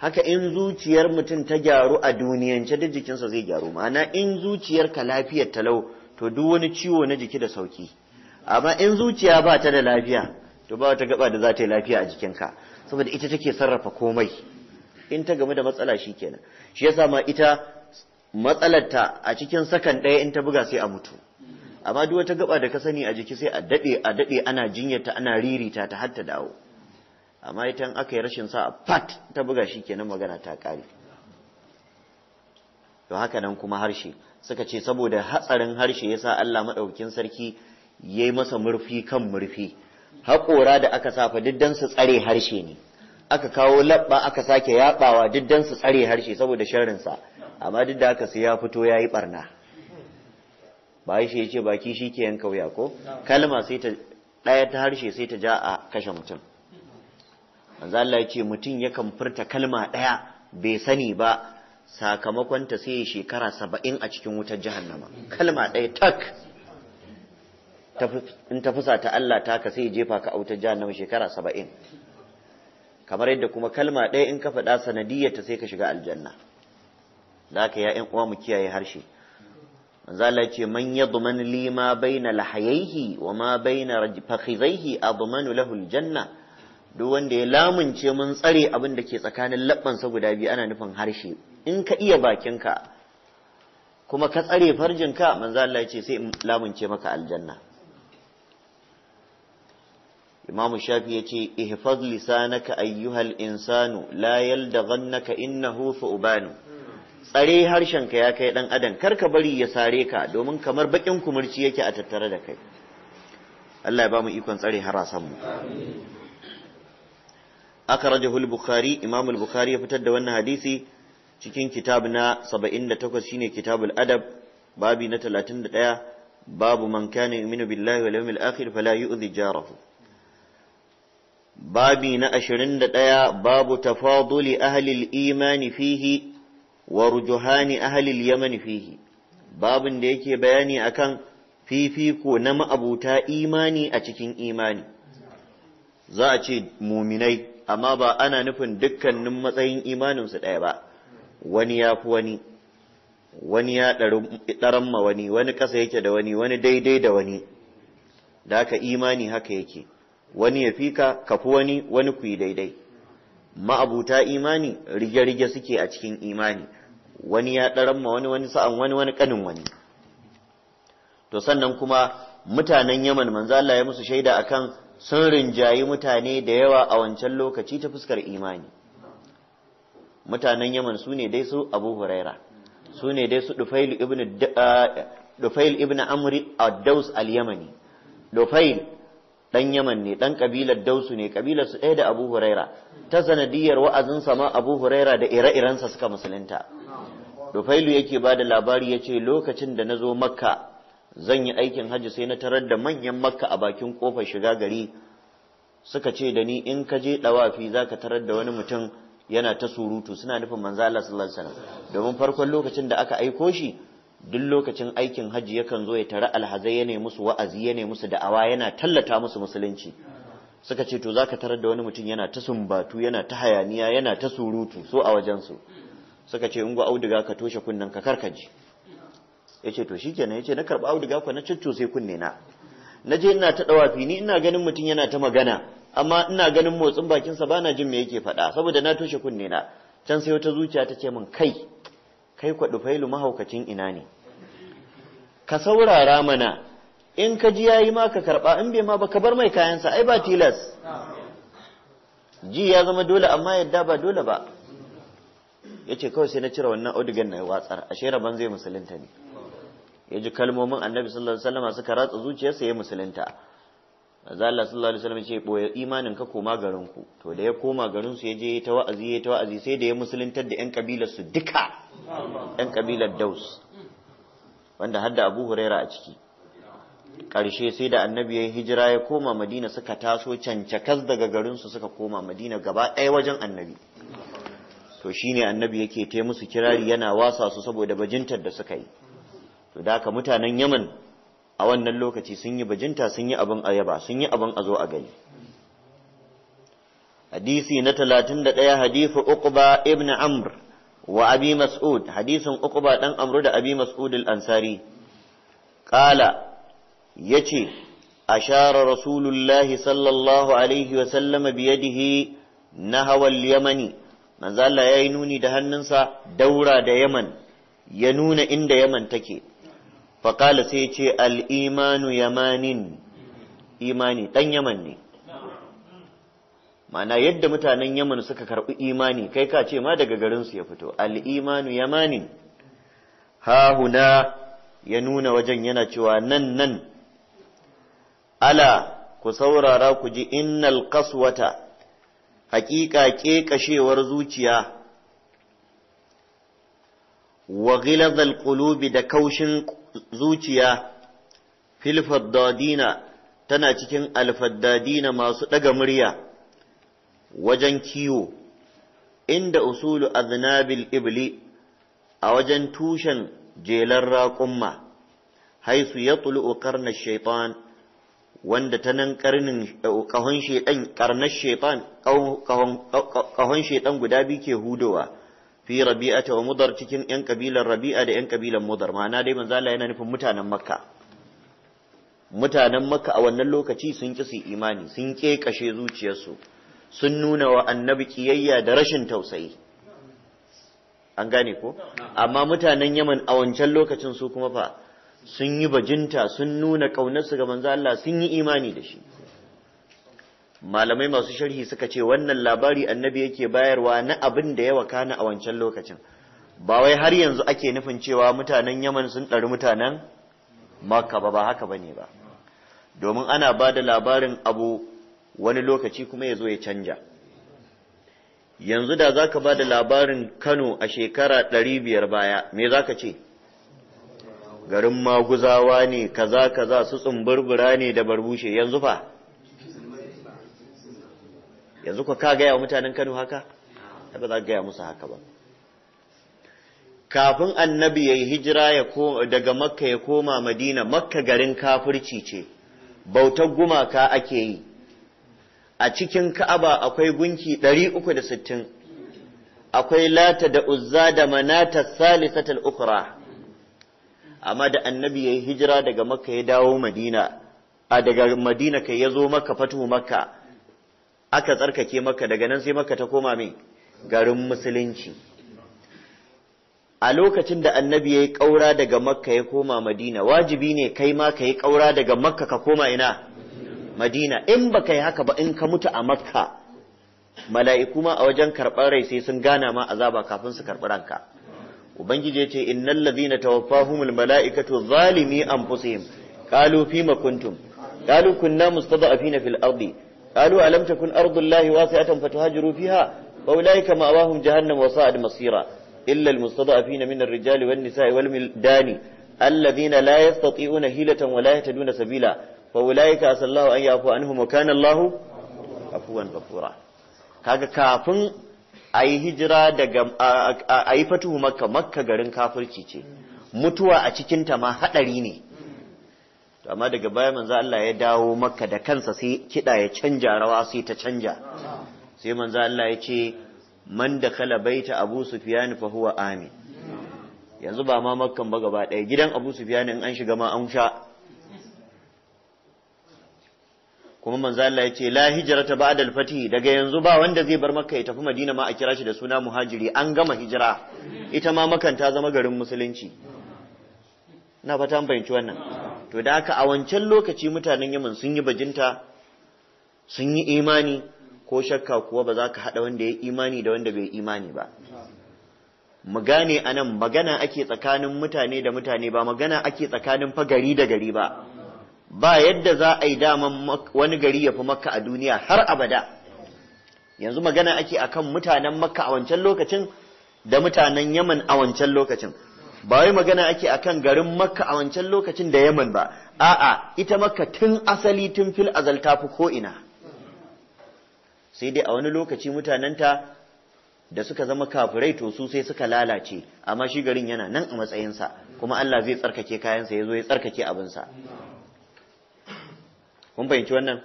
haka in zuciyar mutum ta gyaru a duniyance duk jikinsa zai gyaru ma'ana in zuciyar ka lafiyar talau to duk wani ciwo na jiki da sauki amma in zuciya ba ta da lafiya to ba ta gaba da za ta yi lafiya a jikinka saboda ita take sarrafa komai in ta game da matsala shi kenan shi yasa ma ita matsalarta a cikin sakan ɗaya in ta buga sai a mutu amma duk wata gaba da ka sani a jiki sai a daɗe a daɗe ana jinyarta ana ririta ta har ta dawo amma ita aka yi rashin sa fat ta buga shi kenan magana ta kare to haka nan kuma harshe suka ce saboda hatsarin harshe yasa Allah madaukakin sarki yayi masa murfi kan murfi haƙora da aka safa diddan su tsare harshe ne aka kawo labba aka sake yabawa diddan su tsare harshe saboda sharrin sa amma duk da haka sai ya fito yayi barna ba shi yace baki shi ke yan kauya ko kalma sai ta ɗaya ta harshe sai ta ja a kashe mutum manzo Allah ya ce mutum yakan furta kalma ɗaya bai sani ba sakamakon ta sai shekara saba'in a cikin wutar jahannama kalma ɗaya tak in ta fusa ta Allah ta ka sai jefa ka a wutar nama shekara saba'in kamar yadda kuma kalma ɗaya in ka faɗa sanadiyya ta sai ka shiga aljanna da haka ya uwa mu kiyaye harshe manzo Allah ce man yadman li ma baina lahayhi wa ma baina fakhizaihi admanu lahu aljanna duk wanda ya lamunce mun tsare abin da ke tsakanin labbansa guda biyu ana nufin harshe in ka iya bakinka kuma ka tsare farjinka manzo Allah ya ce sai in lamunce maka aljanna Imam Shafi ya ce ihfaz lisanaka ayyuhal insanu la yaldaghannaka innahu fa'ubanu tsare harshenka ya kai dan adam kar ka bari ya sare ka domin kamar bakin kumurci yake a tattare da kai Allah ya ba mu ikon tsare harasan mu amin akhrajahu Raja bukhari imam bukhari ya fitar da wannan hadisi cikin kitab na 78 shine kitabul adab babi na 31 babu man kana yu'minu billahi wal yawmil akhir fala yu'dhi jarahu babi na 21 babu tafaduli ahli al-iman fihi wa rujuhani ahli al-yaman fihi babin da yake bayani akan fifiko na ma'abuta imani a cikin imani za a ce muminai amma ba ana nufin dukkanin matsayin imaninsu ɗaya ba wani ya fi wani wani ya ɗaran ma wani wani ƙasa yake da wani wani daidai da wani da haka imani haka yake wani ya fi ka kafi wani wani ku yi daidai ma'abuta imani rige-rige suke a cikin imani wani ya ɗaran ma wani wani sa'an wani wani ƙanin wani to sannan kuma mutanen yaman manzo Allah ya musu shaida akan sun rinjayi mutane da yawa a wancan lokaci ta fuskar imani mutanen yaman su ne dai su abu huraira su ne dai su dufail ibn amri a daus al-yamani dufail dan yaman ne dan kabilar dausu ne kabilar su ɗaya da abu huraira ta sanadiyar wa'azin sama abu huraira da ire-irensa suka musulunta dufailu yake ba da labari ya ce lokacin da na zo makka zan yi aikin hajji sai na tarar da manyan makka a bakin kofar shiga gari suka ce da ni in ka je dawafi ka tarar da wani mutum yana ta surutu suna nufin manza Allah sallallahu alaihi wasallam domin farkon lokacin da aka aiko shi duk lokacin aikin hajji yakan zo ya tara alhazai ya nemi musu wa'azi ya nemi musu da'awa yana tallata musu musulunci suka ce to zaka tarar da wani mutum yana ta sumbatu yana ta hayaniya yana ta surutu so a wajen su suka ce in auduga ka toshe kunnen ka karkaji yace to shikenan yace na karba auduga ko na cicco sai kunne na naje ina ta dawafi ni ina ganin mutum yana ta magana amma ina ganin motsin bakin sa bana jin me yake faɗa saboda na toshe kunne na can sai wata zuciya ta ce min kai kai kwa dufailu mahaukacin ina ne ka saurara mana in ka ji yayi ma ka karba in bai ma ba ka bar mai kayan sa ai ba tilas ji ya zama dole amma yadda ba dole ba yace kawai sai na cire wannan audigan na watsar ashe rabon zai musulunta ne ya ji kalmomin annabi sallallahu alaihi wasallam suka ratsa zuciyarsa ya musulunta manzo Allah sallallahu alaihi wasallam ya ce boye imanin ka koma garin ku to da ya koma garin su ya je ta wa'azi ya ta wa'azi sai da ya musuluntar da yan kabilar su duka yan kabilar Daus wanda har da Abu Huraira a ciki karshe sai da annabi ya hijira ya koma Madina suka taso cancakas daga garin su suka koma Madina gaba ɗaya wajen annabi to shine annabi yake ta musu kirari yana wasa su saboda bajintar da suka yi to da haka mutanen yaman a wannan lokaci sun yi bajinta sun yi abin ayaba sun yi abin a zo a gani hadisi na talatin da ɗaya Hadisi uqba ibn amr wa abi mas'ud hadisin uqba dan amru da abi mas'ud al-ansari qala yace ashara rasulullahi sallallahu alaihi wa sallama biyadihi nahawa al-yamani manzo Allah yayi nuni da hannunsa daura da yaman ya nuna inda yaman take faƙala sai ce al'imanu yamanin imani ɗan yaman ne mana yadda mutanen yaman suka karɓi imani kai ka ce ma daga garinsu ya fito al'imanu yamanin hahuna ya nuna wajen yana cewa nan nan ala ku saurara ku ji innal qaswata haƙiƙa ƙeƙashewar zuciya wa ghilazal da kaushin zuciya filfaddadina tana cikin alfaddadina masu ɗaga murya wajen kiwo inda usulu aznabil ibli a wajen tushen jelar raƙumma haisu ya tulu ƙarnar shaitan wanda ta nan ƙarnin shaitan guda biyu ke hudowa fi rabi'ata wa mudar cikin yan kabilar rabi'a da yan kabilar mudar ma'ana dai manzo Allah yana nufin mutanen makka mutanen makka a wannan lokaci sun ki su imani sun kashe zuciyarsu sun nuna wa annabi kiyayya da rashin tausayi an gane ko amma mutanen yaman a wancan lokacin su kuma fa sun yi bajinta sun nuna ƙaunarsu ga manzo Allah sun yi imani da shi malamai masu sharhi suka ce wannan labari annabi yake bayarwa na abin da ya wakana a wancan lokacin ba wai har yanzu ake nufin cewa mutanen yaman sun ɗari mutanen makka ba ba haka bane ba domin ana ba da labarin abu wani lokaci kuma ya zo ya canja yanzu da za ka ba da labarin kano a shekara ɗari biyar baya me za ka ce garin maguzawa ne kaza kaza su tsumburbura ne da barbushe yanzu fa yanzu ko ka gaya wa mutanen Kano haka ba za gaya musu haka ba kafin annabi ya yi hijira daga makka ya koma madina makka garin kafirci ce bautar gumaka ake yi a cikin ka'aba akwai gunki 360 akwai lata da uzza da manata salisatul ukra amma da annabi ya yi hijira daga makka ya dawo madina a daga madina kai ya zo makka fatu makka aka tsarkake maka daga nan sai maka ta koma mai garin musulunci a lokacin da annabi ya yi ƙaura daga makka ya koma madina wajibi ne kai ma ka yi ƙaura daga makka ka koma ina madina in ba ka yi haka ba in ka mutu a makka mala'iku ma a wajen karɓar rai sai sun gana ma azaba kafin su karɓi ranka ubangiji ya ce innal ladhina tawaffahumul mala'ikatu zalimi anfusihim qalu fima kuntum qalu kunna mustada'afina fil ardi قالوا ألم تكن أرض الله واسعة فتهاجروا فيها فأولئك مأواهم جهنم وصاعد مصيرا إلا المستضعفين من الرجال والنساء والملدان الذين لا يستطيعون هيلة ولا يهتدون سبيلا فأولئك أسأل الله أن يعفو عنهم وكان الله عفوا غفورا kaga kafin a yi hijira daga a yi fatuhu makka makka garin kafirci ce mutuwa a cikinta ma haɗari ne to amma daga baya manzo Allah ya dawo makka da kansa sai kida ya canja rawa sai ta canja sai manzo Allah ya ce man da kala baita Abu Sufyan fa huwa amin yanzu ba ma makkan ba gaba ɗaya gidan Abu Sufyan in an shiga ma an sha kuma manzo Allah ya ce la hijrata ba'da al-fatih daga yanzu ba wanda zai bar makka ya tafi madina ma a kira shi da suna muhajiri an gama hijira ita ma makan ta zama garin musulunci na fata an fahimci wannan to da aka a wancan lokaci mutanen yaman sun yi bajinta sun yi imani ko shakka kuwa ba za ka haɗa wanda ya imani da wanda bai imani ba mu gane a nan magana ake tsakanin mutane da mutane ba magana ake tsakanin fa gari da gari ba ba yadda za a yi daman wani gari ya fi makka a duniya har abada yanzu magana ake akan mutanen makka a wancan lokacin da mutanen yaman a wancan lokacin ba wai magana ake akan garin makka a wancan lokacin da yaman ba a'a ita makka tun asali tun fil azal ta fi ko'ina sai dai a wani lokaci mutanenta da suka zama kafirai to su sai suka lalace amma shi garin yana nan a matsayinsa kuma Allah zai tsarkake kayansa ya zo ya tsarkake abinsa kun fahimci wannan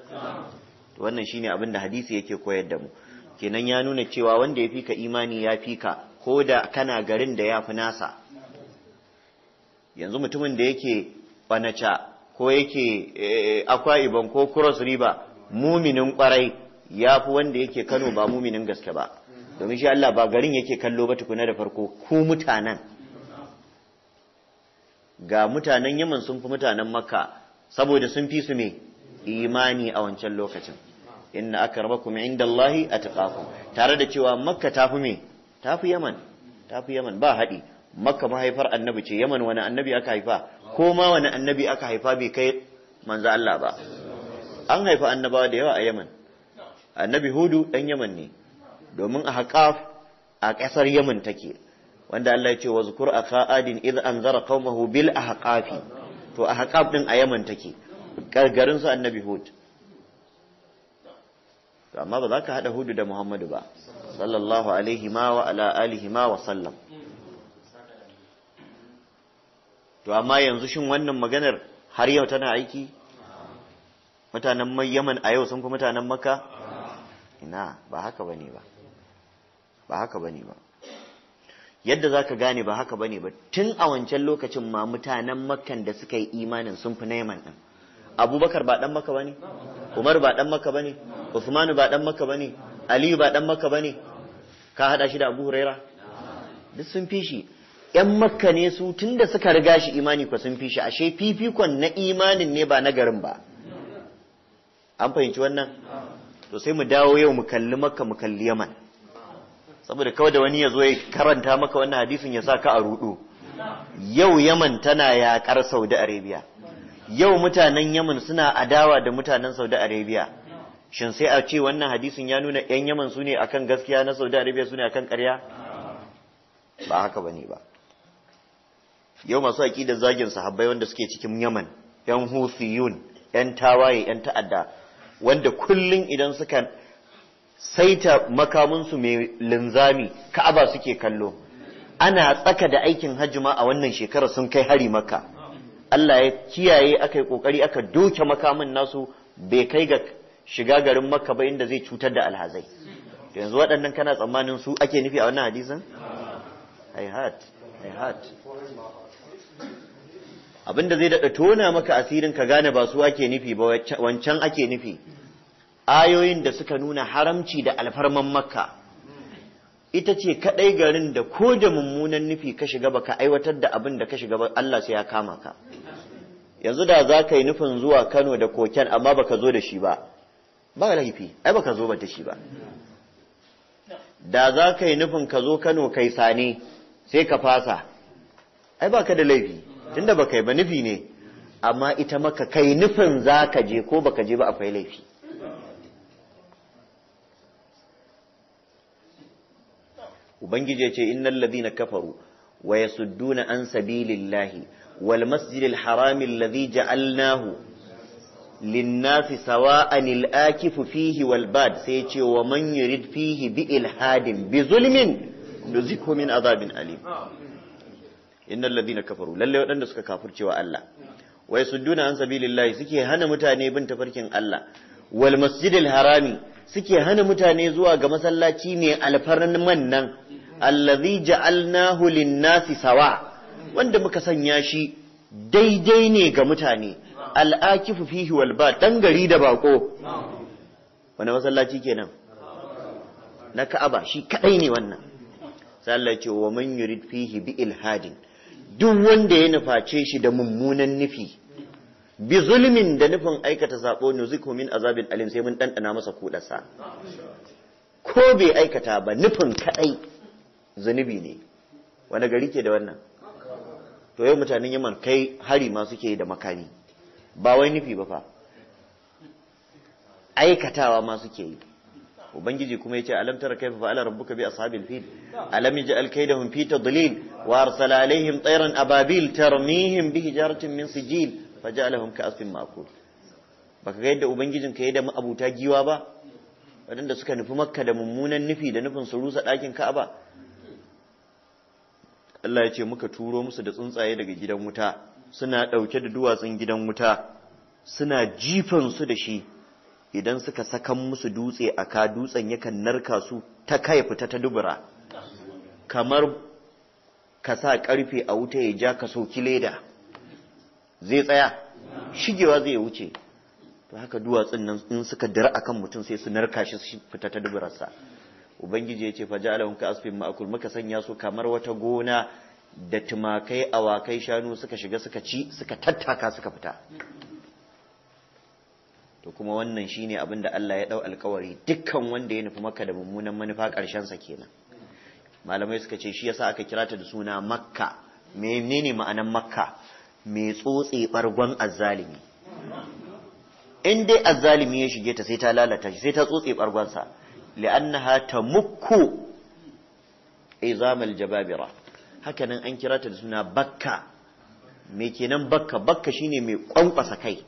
wannan shine abin da hadisi yake koyar da mu kenan ya nuna cewa wanda ya fika imani ya fika ko da kana garin da ya fi nasa yanzu mutumin da yake banaca ko yake eh, akwa iban ko cross river muminin kwarai ya fi wanda yake kano ba muminin gaske ba domin shi Allah ba garin yake kallo ba tukuna da farko ku mutanen ga mutanen yaman sun fi mutanen makka saboda sun fi su ne imani a wancan lokacin inna aka raba kuma Allahi indallahi a tare da cewa makka ta fi me ta ta fi yaman ba haɗi makka mahaifar annabi ce yaman wani annabi aka haifa ko ma wani annabi aka haifa bai kai manzo Allah ba an haifa annabawa da yawa a yaman annabi hudu dan yaman ne domin a haƙaf a ƙasar yaman take wanda Allah ya ce wa zukur aka adin idh anzara qaumahu bil ahqafi to ahqaf din a yaman take garin su annabi hud amma ba za ka hada hudu da muhammadu ba sallallahu alaihi ma wa ala alihi ma wa sallam to amma yanzu shin wannan maganar har yau tana aiki mutanen yaman a yau sun fi mutanen maka? ina ba haka bane ba ba haka bane ba yadda za ka gane ba haka bane ba tun a wancan lokacin ma mutanen makan da suka yi imanin sun fi na yaman din abubakar ba dan maka bane umar ba dan maka bane usmanu ba dan maka bane aliyu ba dan maka bane ka hada shi da abu huraira duk sun fi shi 'yan makka ne su tun da suka riga shi imani ku sun fi shi ashe fifikon na imanin ne ba na garin ba an fahimci wannan to sai mu dawo yau mu kalli makka mu kalli yaman saboda kawai da wani ya zo ya karanta maka wannan hadisin ya sa ka a rudu yau yaman tana yakar saudi arabia yau mutanen yaman suna adawa da mutanen saudi arabia shin sai a ce wannan hadisin ya nuna 'yan yaman su ne akan gaskiya na saudi arabia su ne akan karya? ba haka bane ba yau masu da zagin sahabbai wanda suke cikin yaman yan huthiyun yan tawaye yan ta'adda wanda kullum idan suka saita makaminsu mai linzami ka'aba suke kallo ana tsaka da aikin hajjima a wannan shekarar sun kai hari maka Allah ya kiyaye aka yi kokari aka doke makamin nasu bai kai ga shiga garin maka ba inda zai cutar da alhazai yanzu waɗannan kana tsammanin su ake nufi a wannan hadisin? Haihat, abinda zai daɗa tona maka asirin ka gane ba su ake nufi ba wancan ake nufi ayoyin da suka nuna haramci da alfarman makka ita ce kaɗai garin da ko da mummunan nufi ka shiga ba ka aiwatar da abin da ka shiga ba Allah sai ya kama ka yanzu da za ka yi nufin zuwa Kano da koken amma baka zo da shi ba ba laifi ai baka zo ba da shi ba da za ka yi nufin ka zo Kano kai sane sai ka fasa ai baka da laifi tunda ba kai ba nufi ne amma ita maka kai nufin za ka je ko baka je ba akwai laifi ubangiji ya ce innal ladina kafaru wa yasudduna an sabilillahi wal masjidil harami alladhi ja'alnahu linnasi sawa'an al-akifu fihi wal bad sai ce wa man yurid fihi bi ilhadin bi zulmin nuzikhu min azabin alim innal ladina kafaru lalle waɗanda suka kafircewa Allah wa yasudduna an sabilillahi suke hana mutane bin tafarkin Allah wal masjidil harami suke hana mutane zuwa ga masallaci ne alfarman nan allazi ja'alnahu lin sawa wanda muka sanya shi daidai ne ga mutane al'akifu fihi wal ba dan gari da bako wani masallaci kenan na Ka'aba shi kadai ne wannan sai Allah ya ce wa man yurid fihi bi ilhadin duk wanda ya nuface shi da mummunan nufi bi zulmin da nufin aikata sabo ne zai a azabin alim sai mun ɗanɗana masa kuɗarsa ko bai aikata ba nufin kaɗai zunubi ne wani gari ke da wannan to yau mutanen yaman kai hari ma suke da makami ba wai nufi ba fa aikatawa ma suke yi ubangiji kuma yace alam tara kayfa fa'ala rabbuka bi ashabil fil alam yaj'al kaydahum fi tadlil wa arsala alaihim tayran ababil tarmihim bi hijaratin min sijil faj'alahum ka'asin ma'kul baka ga yadda ubangijin ka da abuta giwa ba wadanda suka nufi makka da mummunan nufi da nufin su rusa dakin ka'aba Allah ya ce muka turo musu da tsuntsaye daga gidan wuta suna dauke da duwatsun gidan wuta suna jifan su da shi idan suka sakan musu dutse a ka dutsen yakan narka su ta kai fita ta dubura kamar ka sa karfe a wuta ya ja ka soki leda zai tsaya shigewa zai wuce to haka duwatsun nan in suka dira akan mutum sai su narka shi fita ta duburarsa ubangiji ya ce faja'alahum ka asfin ma'akul muka sanya su kamar wata gona da tumakai awakai shanu suka shiga suka ci suka tattaka suka fita to kuma wannan shine abin da Allah ya ɗau alkawari dukkan wanda ya nufi Makka da mummunan manufa ƙarshen sa kenan malamai suka ce shi yasa aka kira ta da suna Makka menene ma'anan Makka Mai tsotse bargon azzalimi in dai azzalimi ya shige ta sai ta lalata shi sai ta tsotse bargon sa li'annaha tamukku izamal jababira hakanan an kira ta da suna bakka me kenan bakka bakka shine mai kwankwasa kai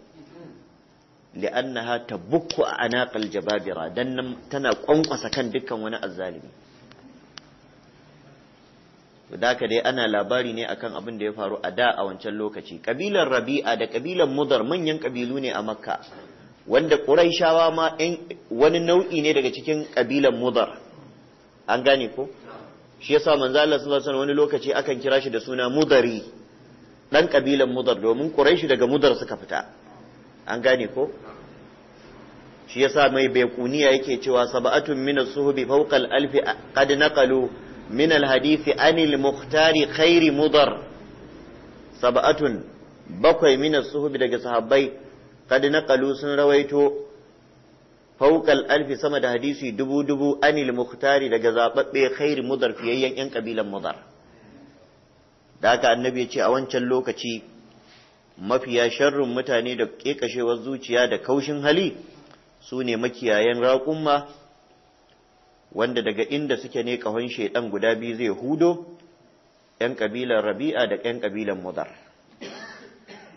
li'annaha tabukku a anaqal jababira dan nan tana kwankwasa kan dukkan wani azzalimi haka dai ana labari ne akan abin da ya faru a da a wancan lokaci kabilar rabi'a da kabilar mudar manyan kabilu ne a makka wanda ƙuraishawa ma wani nau'i ne daga cikin kabilar mudar an gane ko shi yasa manzo Allah sallallahu alaihi wani lokaci akan kira shi da suna mudari ɗan ƙabilar mudar domin ƙurai shi daga mudar suka fita an gane ko shi yasa mai baikuniya yake cewa sab'atun min as-suhbi fawqa al-alf qad naqalu min al-hadith anil mukhtari khairi mudar sab'atun bakwai min as-suhbi daga sahabbai qad naqalu sun rawaito fawqa al-alf sama da hadisi dubu dubu anil mukhtari daga zababbe khairi mudar fiyayyen yan kabilan mudar da haka annabi ya ce a wancan lokaci mafiya sharrin mutane da kekashewar zuciya da kaushin hali su ne makiyayen raƙumma wanda daga inda suke ne ƙahon shaidan guda biyu zai hudo ‘yan ƙabilar rabi'a da ‘yan ƙabilar mudar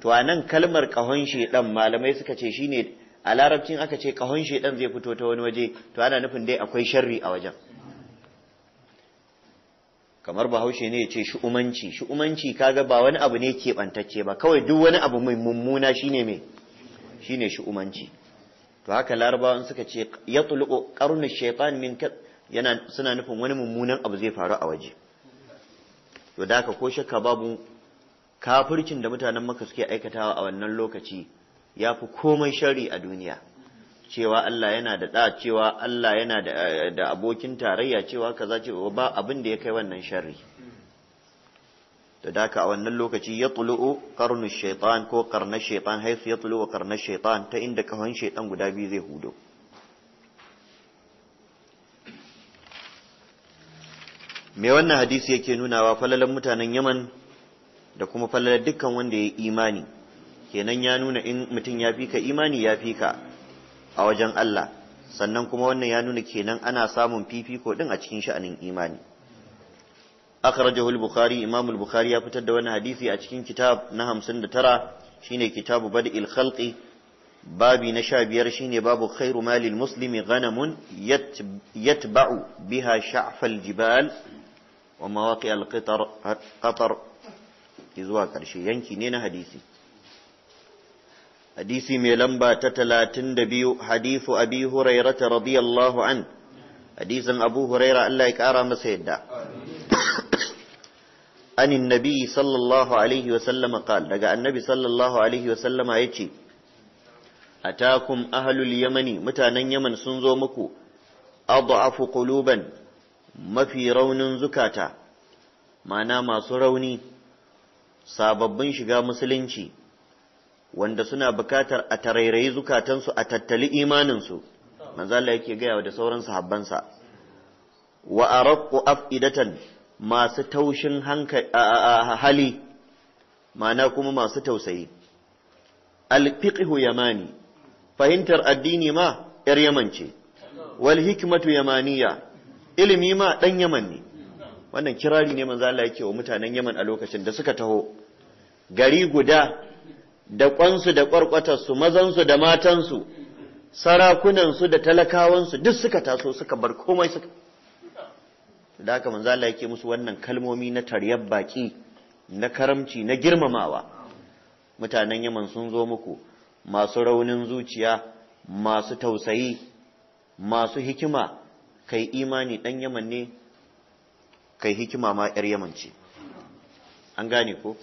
to a nan kalmar ƙahon shaidan malamai suka ce shine a larabcin aka ce ƙahon shaidan zai fito ta wani waje to ana nufin dai akwai sharri a wajen kamar bahaushe ne ya ce shu'umanci shu'umanci kaga ba wani abu ne keɓantacce ba kawai duk wani abu mai mummuna shine mai shu'umanci to haka larabawa suka ce ya tuluko karnu shaitan min yana suna nufin wani mummunan abu zai faru a waje to da haka ko shakka babu kafircin da mutanen maka suke aikatawa a wannan lokaci ya fi komai shari a duniya cewa Allah yana da ɗa cewa Allah yana da abokin tarayya cewa kaza cewa ba abin da ya kai wannan sharri da daka a wannan lokaci ya tulu'u karnu shaitan ko karnar shaitan haisu ya tulu'u karnar shaitan ta inda kahon shaitan guda biyu zai hudu. me wannan hadisi yake nunawa falalan mutanen yaman da kuma falalar dukkan wanda ya imani kenan ya nuna in mutum ya fi ka imani ya fi ka a wajen Allah sannan kuma wannan ya nuna kenan ana samun fifiko din a cikin sha'anin imani akhrajahu al-bukhari imam al-bukhari ya fitar da wannan hadisi a cikin kitab na 59 shine kitabu bad'il khalqi babi na 15 shine babu khairu malil muslimi ghanamun yatba'u biha sha'fal jibal wa mawaqi al-qatar qatar zuwa karshe yanki ne na hadisi hadisi mai lamba ta talatin da biyu Hadifu abi huraira ta radiyallahu an hadisin abu huraira Allah ya kara masa yadda anin nabi sallallahu alaihi wa sallama qal daga annabi sallallahu alaihi wa sallama yace atakum ahlul yamani mutanen yaman sun zo muku adhafu quluban mafi raunin zukata ma'ana masu rauni sababbin shiga musulunci wanda suna bukatar a tarairayi zukatansu a tattali imaninsu manzo Allah yake gaya da sauran sahabbansa wa araqqu afidatan masu taushin hali mana kuma masu tausayi alfiqhu yamani fahimtar addini ma yar yaman ce wal hikmatu yamaniya ilimi ma dan yaman ne wannan kirari ne manzo Allah yake wa mutanen yaman a lokacin da suka taho gari guda da ƙwansu da ƙwarƙwatarsu mazansu da matansu sarakunansu da talakawansu duk suka taso suka bar komai suka da aka manza Allah yake musu wannan kalmomi na taryar baƙi, na karamci na girmamawa mutanen Yaman sun zo muku masu raunin zuciya masu tausayi masu hikima kai imani ɗan Yaman ne kai hikima ma 'yar Yaman ce an gane ko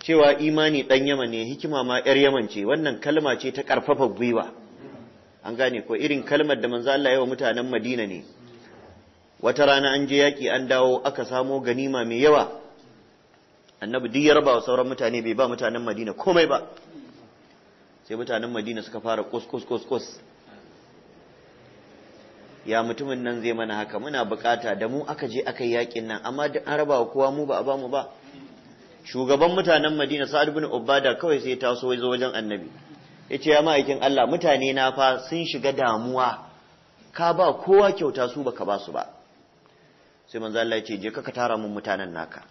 cewa imani dan yaman ne hikima ma yar yaman ce wannan kalma ce ta karfafa gwiwa an gane ko irin kalmar da manzo Allah ya wa mutanen Madina ne wata rana an je yaki an dawo aka samo ganima mai yawa annabi duk ya raba wa sauran mutane bai ba mutanen Madina komai ba sai mutanen Madina suka fara kus kus kus kus ya mutumin nan zai mana haka muna bukata da mu aka je aka yi yakin nan amma duk an raba wa kowa mu ba a ba mu ba shugaban mutanen Madina Sa'ad bin Ubada kawai sai taso ya zo wajen Annabi yace ya ma'aikin Allah mutane na fa sun shiga damuwa ka ba kowa kyauta su baka ba su ba sai manzo Allah yace je ka tara mun mutanen naka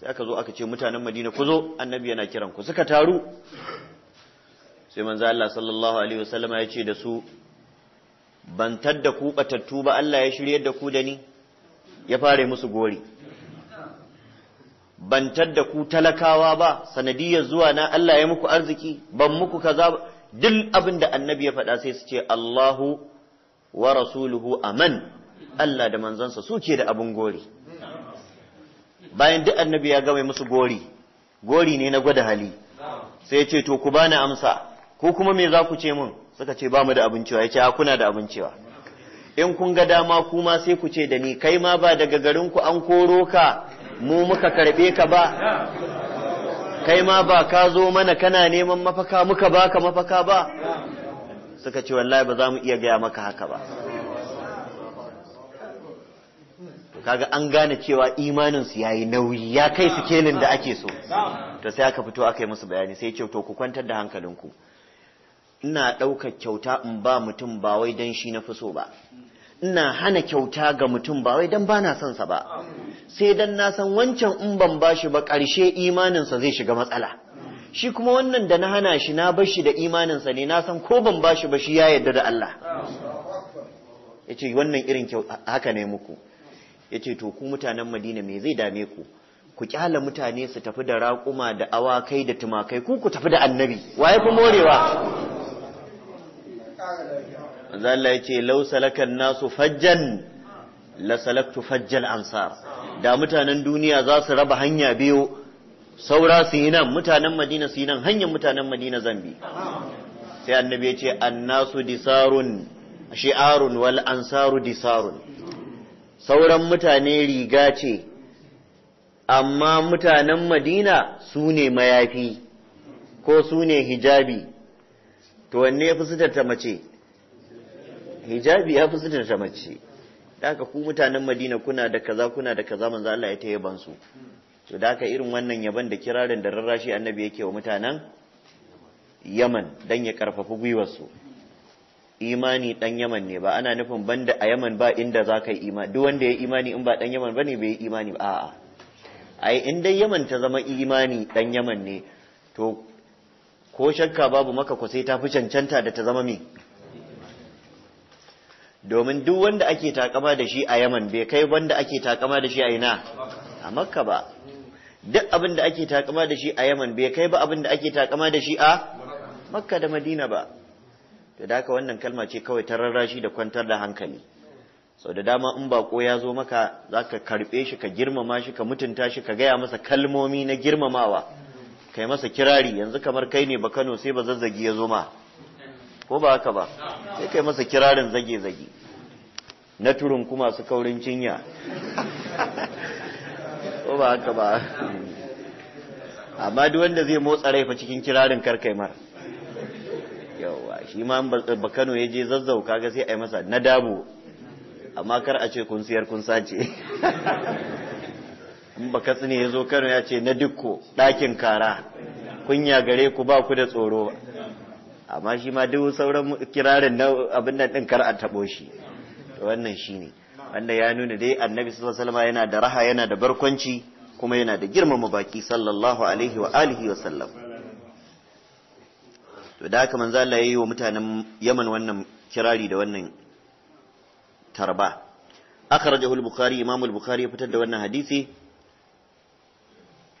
sai aka zo aka ce mutanen Madina ku zo Annabi yana kiran ku suka taru sai manzo Allah sallallahu alaihi wasallama yace da su ban tadda ku batattu ba Allah ya shirye da ku da ni ya fare musu gori bantar da ku talakawa ba sanadiyar zuwa na Allah ya muku arziki ban muku kaza ba duk abin da annabi ya faɗa sai su ce Allahu wa rasuluhu aman Allah da manzansa su ke da abin gori bayan duk annabi ya gama musu gori gori ne na gwada hali sai ya ce to ku bani amsa ko kuma me za ku ce mun suka ce ba mu da abin cewa ya ce kuna da abin cewa in kun ga dama kuma sai ku ce da ni kai ma ba daga garin ku an koro ka mu muka karɓe ka ba kai ma ba ka zo mana kana neman mafaka muka ka mafaka ba suka ce wallahi ba za mu iya gaya maka haka ba kaga an gane cewa imaninsu ya yi nauyi ya kai su kelin da ake so to sai aka fito aka yi musu bayani sai ce to ku kwantar da hankalinku ina ɗaukar kyauta in ba mutum ba wai don shi na fi so ba ina hana kyauta ga mutum ba wai don ba son sa ba sai dan na san wancan in ban bashi ba ƙarshe imaninsa zai shiga matsala shi kuma wannan da na hana shi na bashi da imaninsa ne na san ko ban bashi ba shi ya yarda da Allah yace wannan irin kyau haka ne muku yace to ku mutanen Madina me zai dame ku ku kyale mutane su tafi da raƙuma da awakai da tumakai ku ku tafi da annabi waye ku morewa Allah yace lausa lakan nasu fajjan la salaktu fajjal ansar da mutanen duniya za su raba hanya biyu saura su yi nan mutanen madina su yi nan hanyar mutanen madina zambi sai annabi ya ce annasu disarun shi'arun wal ansaru disarun sauran mutane riga ce amma mutanen madina su ne mayafi ko su ne hijabi to wanne ya fi sitar ta mace hijabi ya fi sitar ta mace ka ku mutanen Madina kuna da kaza kuna da kaza manzo Allah ya ta yaban su to da haka irin wannan yaban da kirarin da rarrashi annabi yake wa mutanen Yaman dan ya karfafa gwiwar su imani dan Yaman ne ba ana nufin banda a Yaman ba inda zaka yi imani duk wanda ya imani in ba dan Yaman bane bai yi imani ba a'a ai in dai Yaman ta zama imani dan Yaman ne to ko shakka babu maka ko sai ta fi cancanta da ta zama me domin duk wanda ake takama da shi a Yaman bai kai wanda ake takama da shi a ina a Makka ba duk abin da ake takama da shi a Yaman bai kai ba abin da ake takama da shi a Makka da Madina ba to da haka wannan kalma ce kawai ta shi da kwantar da hankali sau da dama in bako ya zo maka za ka karbe shi ka girmama shi ka mutunta shi ka gaya masa kalmomi na girmamawa kai masa kirari yanzu kamar kai ne ba Kano sai ba zazzagi ya zo ma ko ba haka ba sai kai masa kirarin zage-zage na turun kuma su kaurin cinya ko ba haka ba amma duk wanda zai motsa rai fa cikin kirarin karkai mar yawa shi ma ba kano ya je zazzau kaga sai a yi masa na dabo amma kar a ce kun siyar kun sace in katsi ne ya zo kano ya ce na dukko ɗakin kara kunya gare ku ba ku da tsoro amma shi ma duk sauran kirarin na abin nan din kar a tabo shi wannan shine wanda ya nuna dai annabi sallallahu alaihi yana da raha yana da barkwanci kuma yana da girmama baki sallallahu alaihi wa alihi wa sallam to da haka manzo Allah yayi wa mutanen Yaman wannan kirari da wannan tarba akhrajahu al-bukhari imam al-bukhari ya fitar da wannan hadisi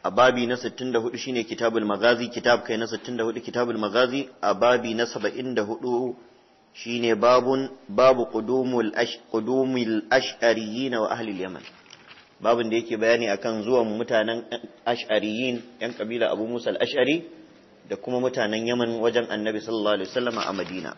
a babi na 64 shine kitabul magazi kitab kai na 64 kitabul magazi a babi na 74 shine babun babu qudumul ash qudumul ash'ariyin wa ahli al-yaman babun da yake bayani akan zuwan mutanen ash'ariyin yan kabila abu musa al-ash'ari da kuma mutanen yaman wajen annabi sallallahu alaihi wasallam a madina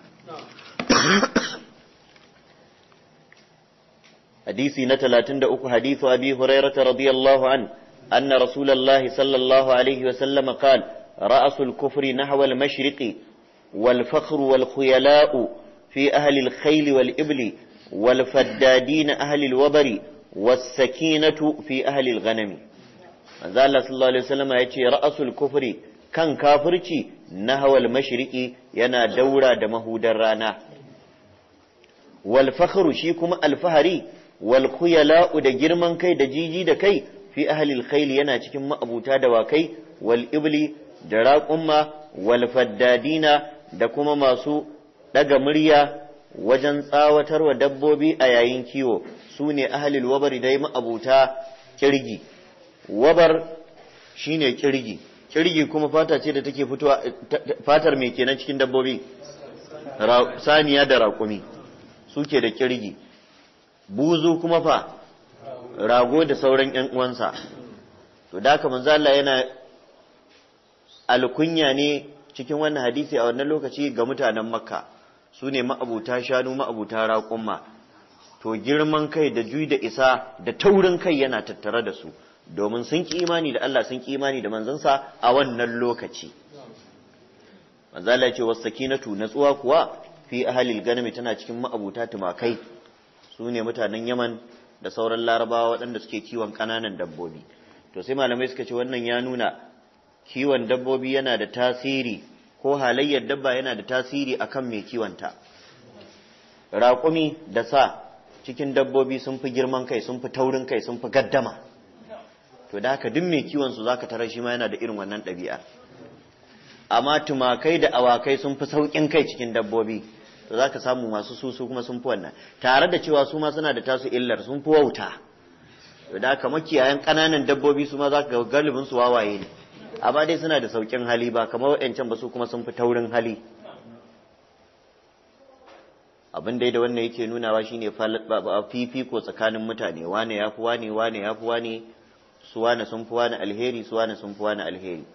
hadisi na 33 hadithu abi hurairah radiyallahu anhu أن رسول الله صلى الله عليه وسلم قال رأس الكفر نحو المشرق والفخر والخيلاء في أهل الخيل والإبل والفدادين أهل الوبر والسكينة في أهل الغنم manzo Allah sallallahu alaihi wasallam ya ce ra'asul kufri kan kafurci na hawan mashriqi yana daura da mahudar rana wal shi kuma alfahari wal da girman kai da jiji da kai fi ahalil khayl yana cikin ma'abuta dawakai wal ibli da raqumma wal faddadina da kuma masu daga murya wajen tsawatarwa dabbobi a yayin kiwo su ne ahalil dai ma'abuta kirgi wabar shine kirgi kirgi kuma fata ce da take fitowa fatar mai kenan cikin dabbobi saniya da raƙumi suke da kirgi buzu kuma fa rago da sauran ‘yan uwansa, to da haka manzo yana alkunya ne cikin wannan hadisi a wannan lokaci ga mutanen Makka, su ne ma'abuta shanu ma'abuta raƙumma, to girman kai da juyi da isa da taurin kai yana tattare da su, domin sun ki imani da Allah sun ki imani da manzansa a wannan lokaci. Manzo Allah ce wasu sakinatu natsuwa kuwa fi ahalil ganami tana cikin ma'abuta tumakai su ne mutanen Yaman da sauran larabawa waɗanda suke kiwon ƙananan dabbobi to sai malamai suka ce wannan ya nuna kiwon dabbobi yana da tasiri ko halayyar dabba yana da tasiri akan mai kiwonta raƙumi da sa cikin dabbobi sun fi girman kai sun fi taurin kai sun fi gaddama to da haka duk mai kiwon su zaka tarar shi ma yana da irin wannan ɗabi'a amma tumakai da awakai sun fi sauƙin kai cikin dabbobi to ka samu masu su kuma sun fi wannan tare da cewa su ma suna da tasu illar sun fi wauta da haka makiyayan ƙananan dabbobi su ma ka ga galibin su wawaye ne amma dai suna da saukin hali ba kamar waɗancan ba su kuma sun fi taurin hali abin dai da wannan yake nunawa shine fifiko tsakanin mutane wane ya fi wane wane ya fi wane su wane sun fi wane alheri su wane sun fi wane alheri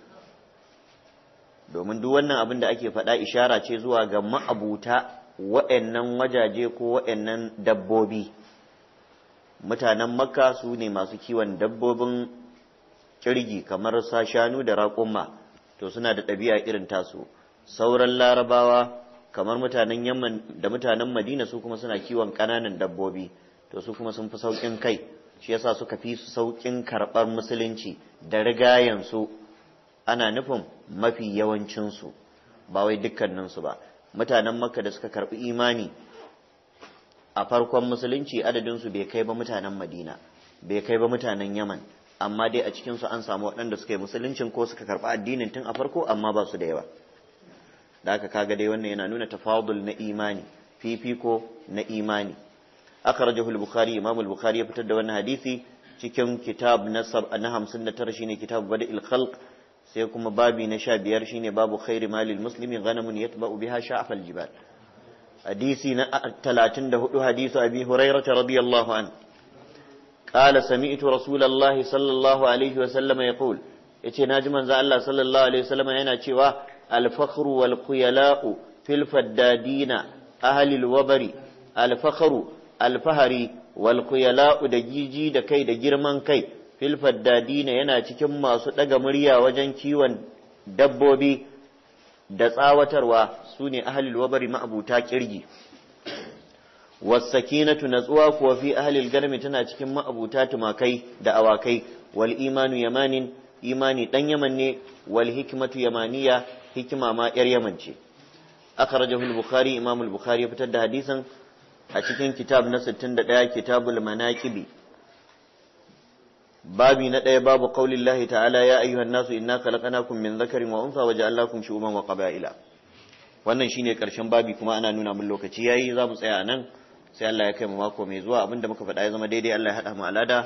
domin duk wannan abin da ake faɗa ishara ce zuwa ga ma'abuta wa'annan wajaje ko wa'annan dabbobi mutanen makka su ne masu kiwon dabbobin kirgi kamar sashanu da raƙumma to suna da ɗabi'a irin tasu sauran larabawa kamar mutanen yamman da mutanen madina su kuma suna kiwon ƙananan dabbobi to su kuma sun fi sauƙin kai shi yasa suka fi su sauƙin karɓar musulunci da rigayensu ana nufin mafi yawancinsu ba wai dukkaninsu ba mutanen makka da suka karbi imani a farkon musulunci adadinsu bai kai ba mutanen madina bai kai ba mutanen yaman amma dai a cikinsu an samu waɗanda suka yi musuluncin ko suka karɓi addinin tun a farko amma ba su da yawa da aka kaga dai wannan yana nuna tafadul na imani fifiko na imani aka al-bukhari imam bukhari ya fitar da wannan hadisi cikin kitab na tara shine kitab bada'il khalq sai kuma babi na sha biyar shine babu khairi malil muslimi ghanamun yatba'u biha sha'fal jibal hadisi na hudu hadisu abi rabi radiyallahu an sami sami'tu rasulullahi sallallahu alaihi wa sallam yaqul yace naji manza Allah sallallahu alaihi wa sallam yana cewa al-fakhru wal khuyala'u fil faddadina ahli wabari alfakaru alfahari al wal da jiji da kai da girman kai fil Dadina yana cikin masu ɗaga murya wajen kiwon dabbobi da tsawatarwa su ne ahalil wabari ma'abuta kirgi wasakinatu natsuwa kuwa fi ahalil garmi tana cikin ma'abuta tumakai da awakai wal imanu yamanin imani ɗan yaman ne wal hikimatu yamaniya hikima ma yar yaman ce akhrajahu al-bukhari imam al ya fitar da hadisan a cikin kitab na 61 kitabul manaqibi babi na ɗaya babu kaulin lahi ta'ala ya ayyuhan nasu inna khalaqnakum min dhakarin wa untha waje ja'alnakum shu'uban wa qaba'ila wannan shine karshen babi kuma ana nuna mun lokaci yayi zamu tsaya nan sai Allah ya kai mu mako mai zuwa abinda muka faɗa ya zama daidai Allah ya haɗa mu alada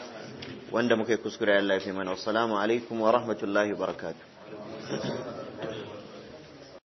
wanda muka yi kuskure Allah ya fi mana assalamu alaikum wa rahmatullahi wa barakatuh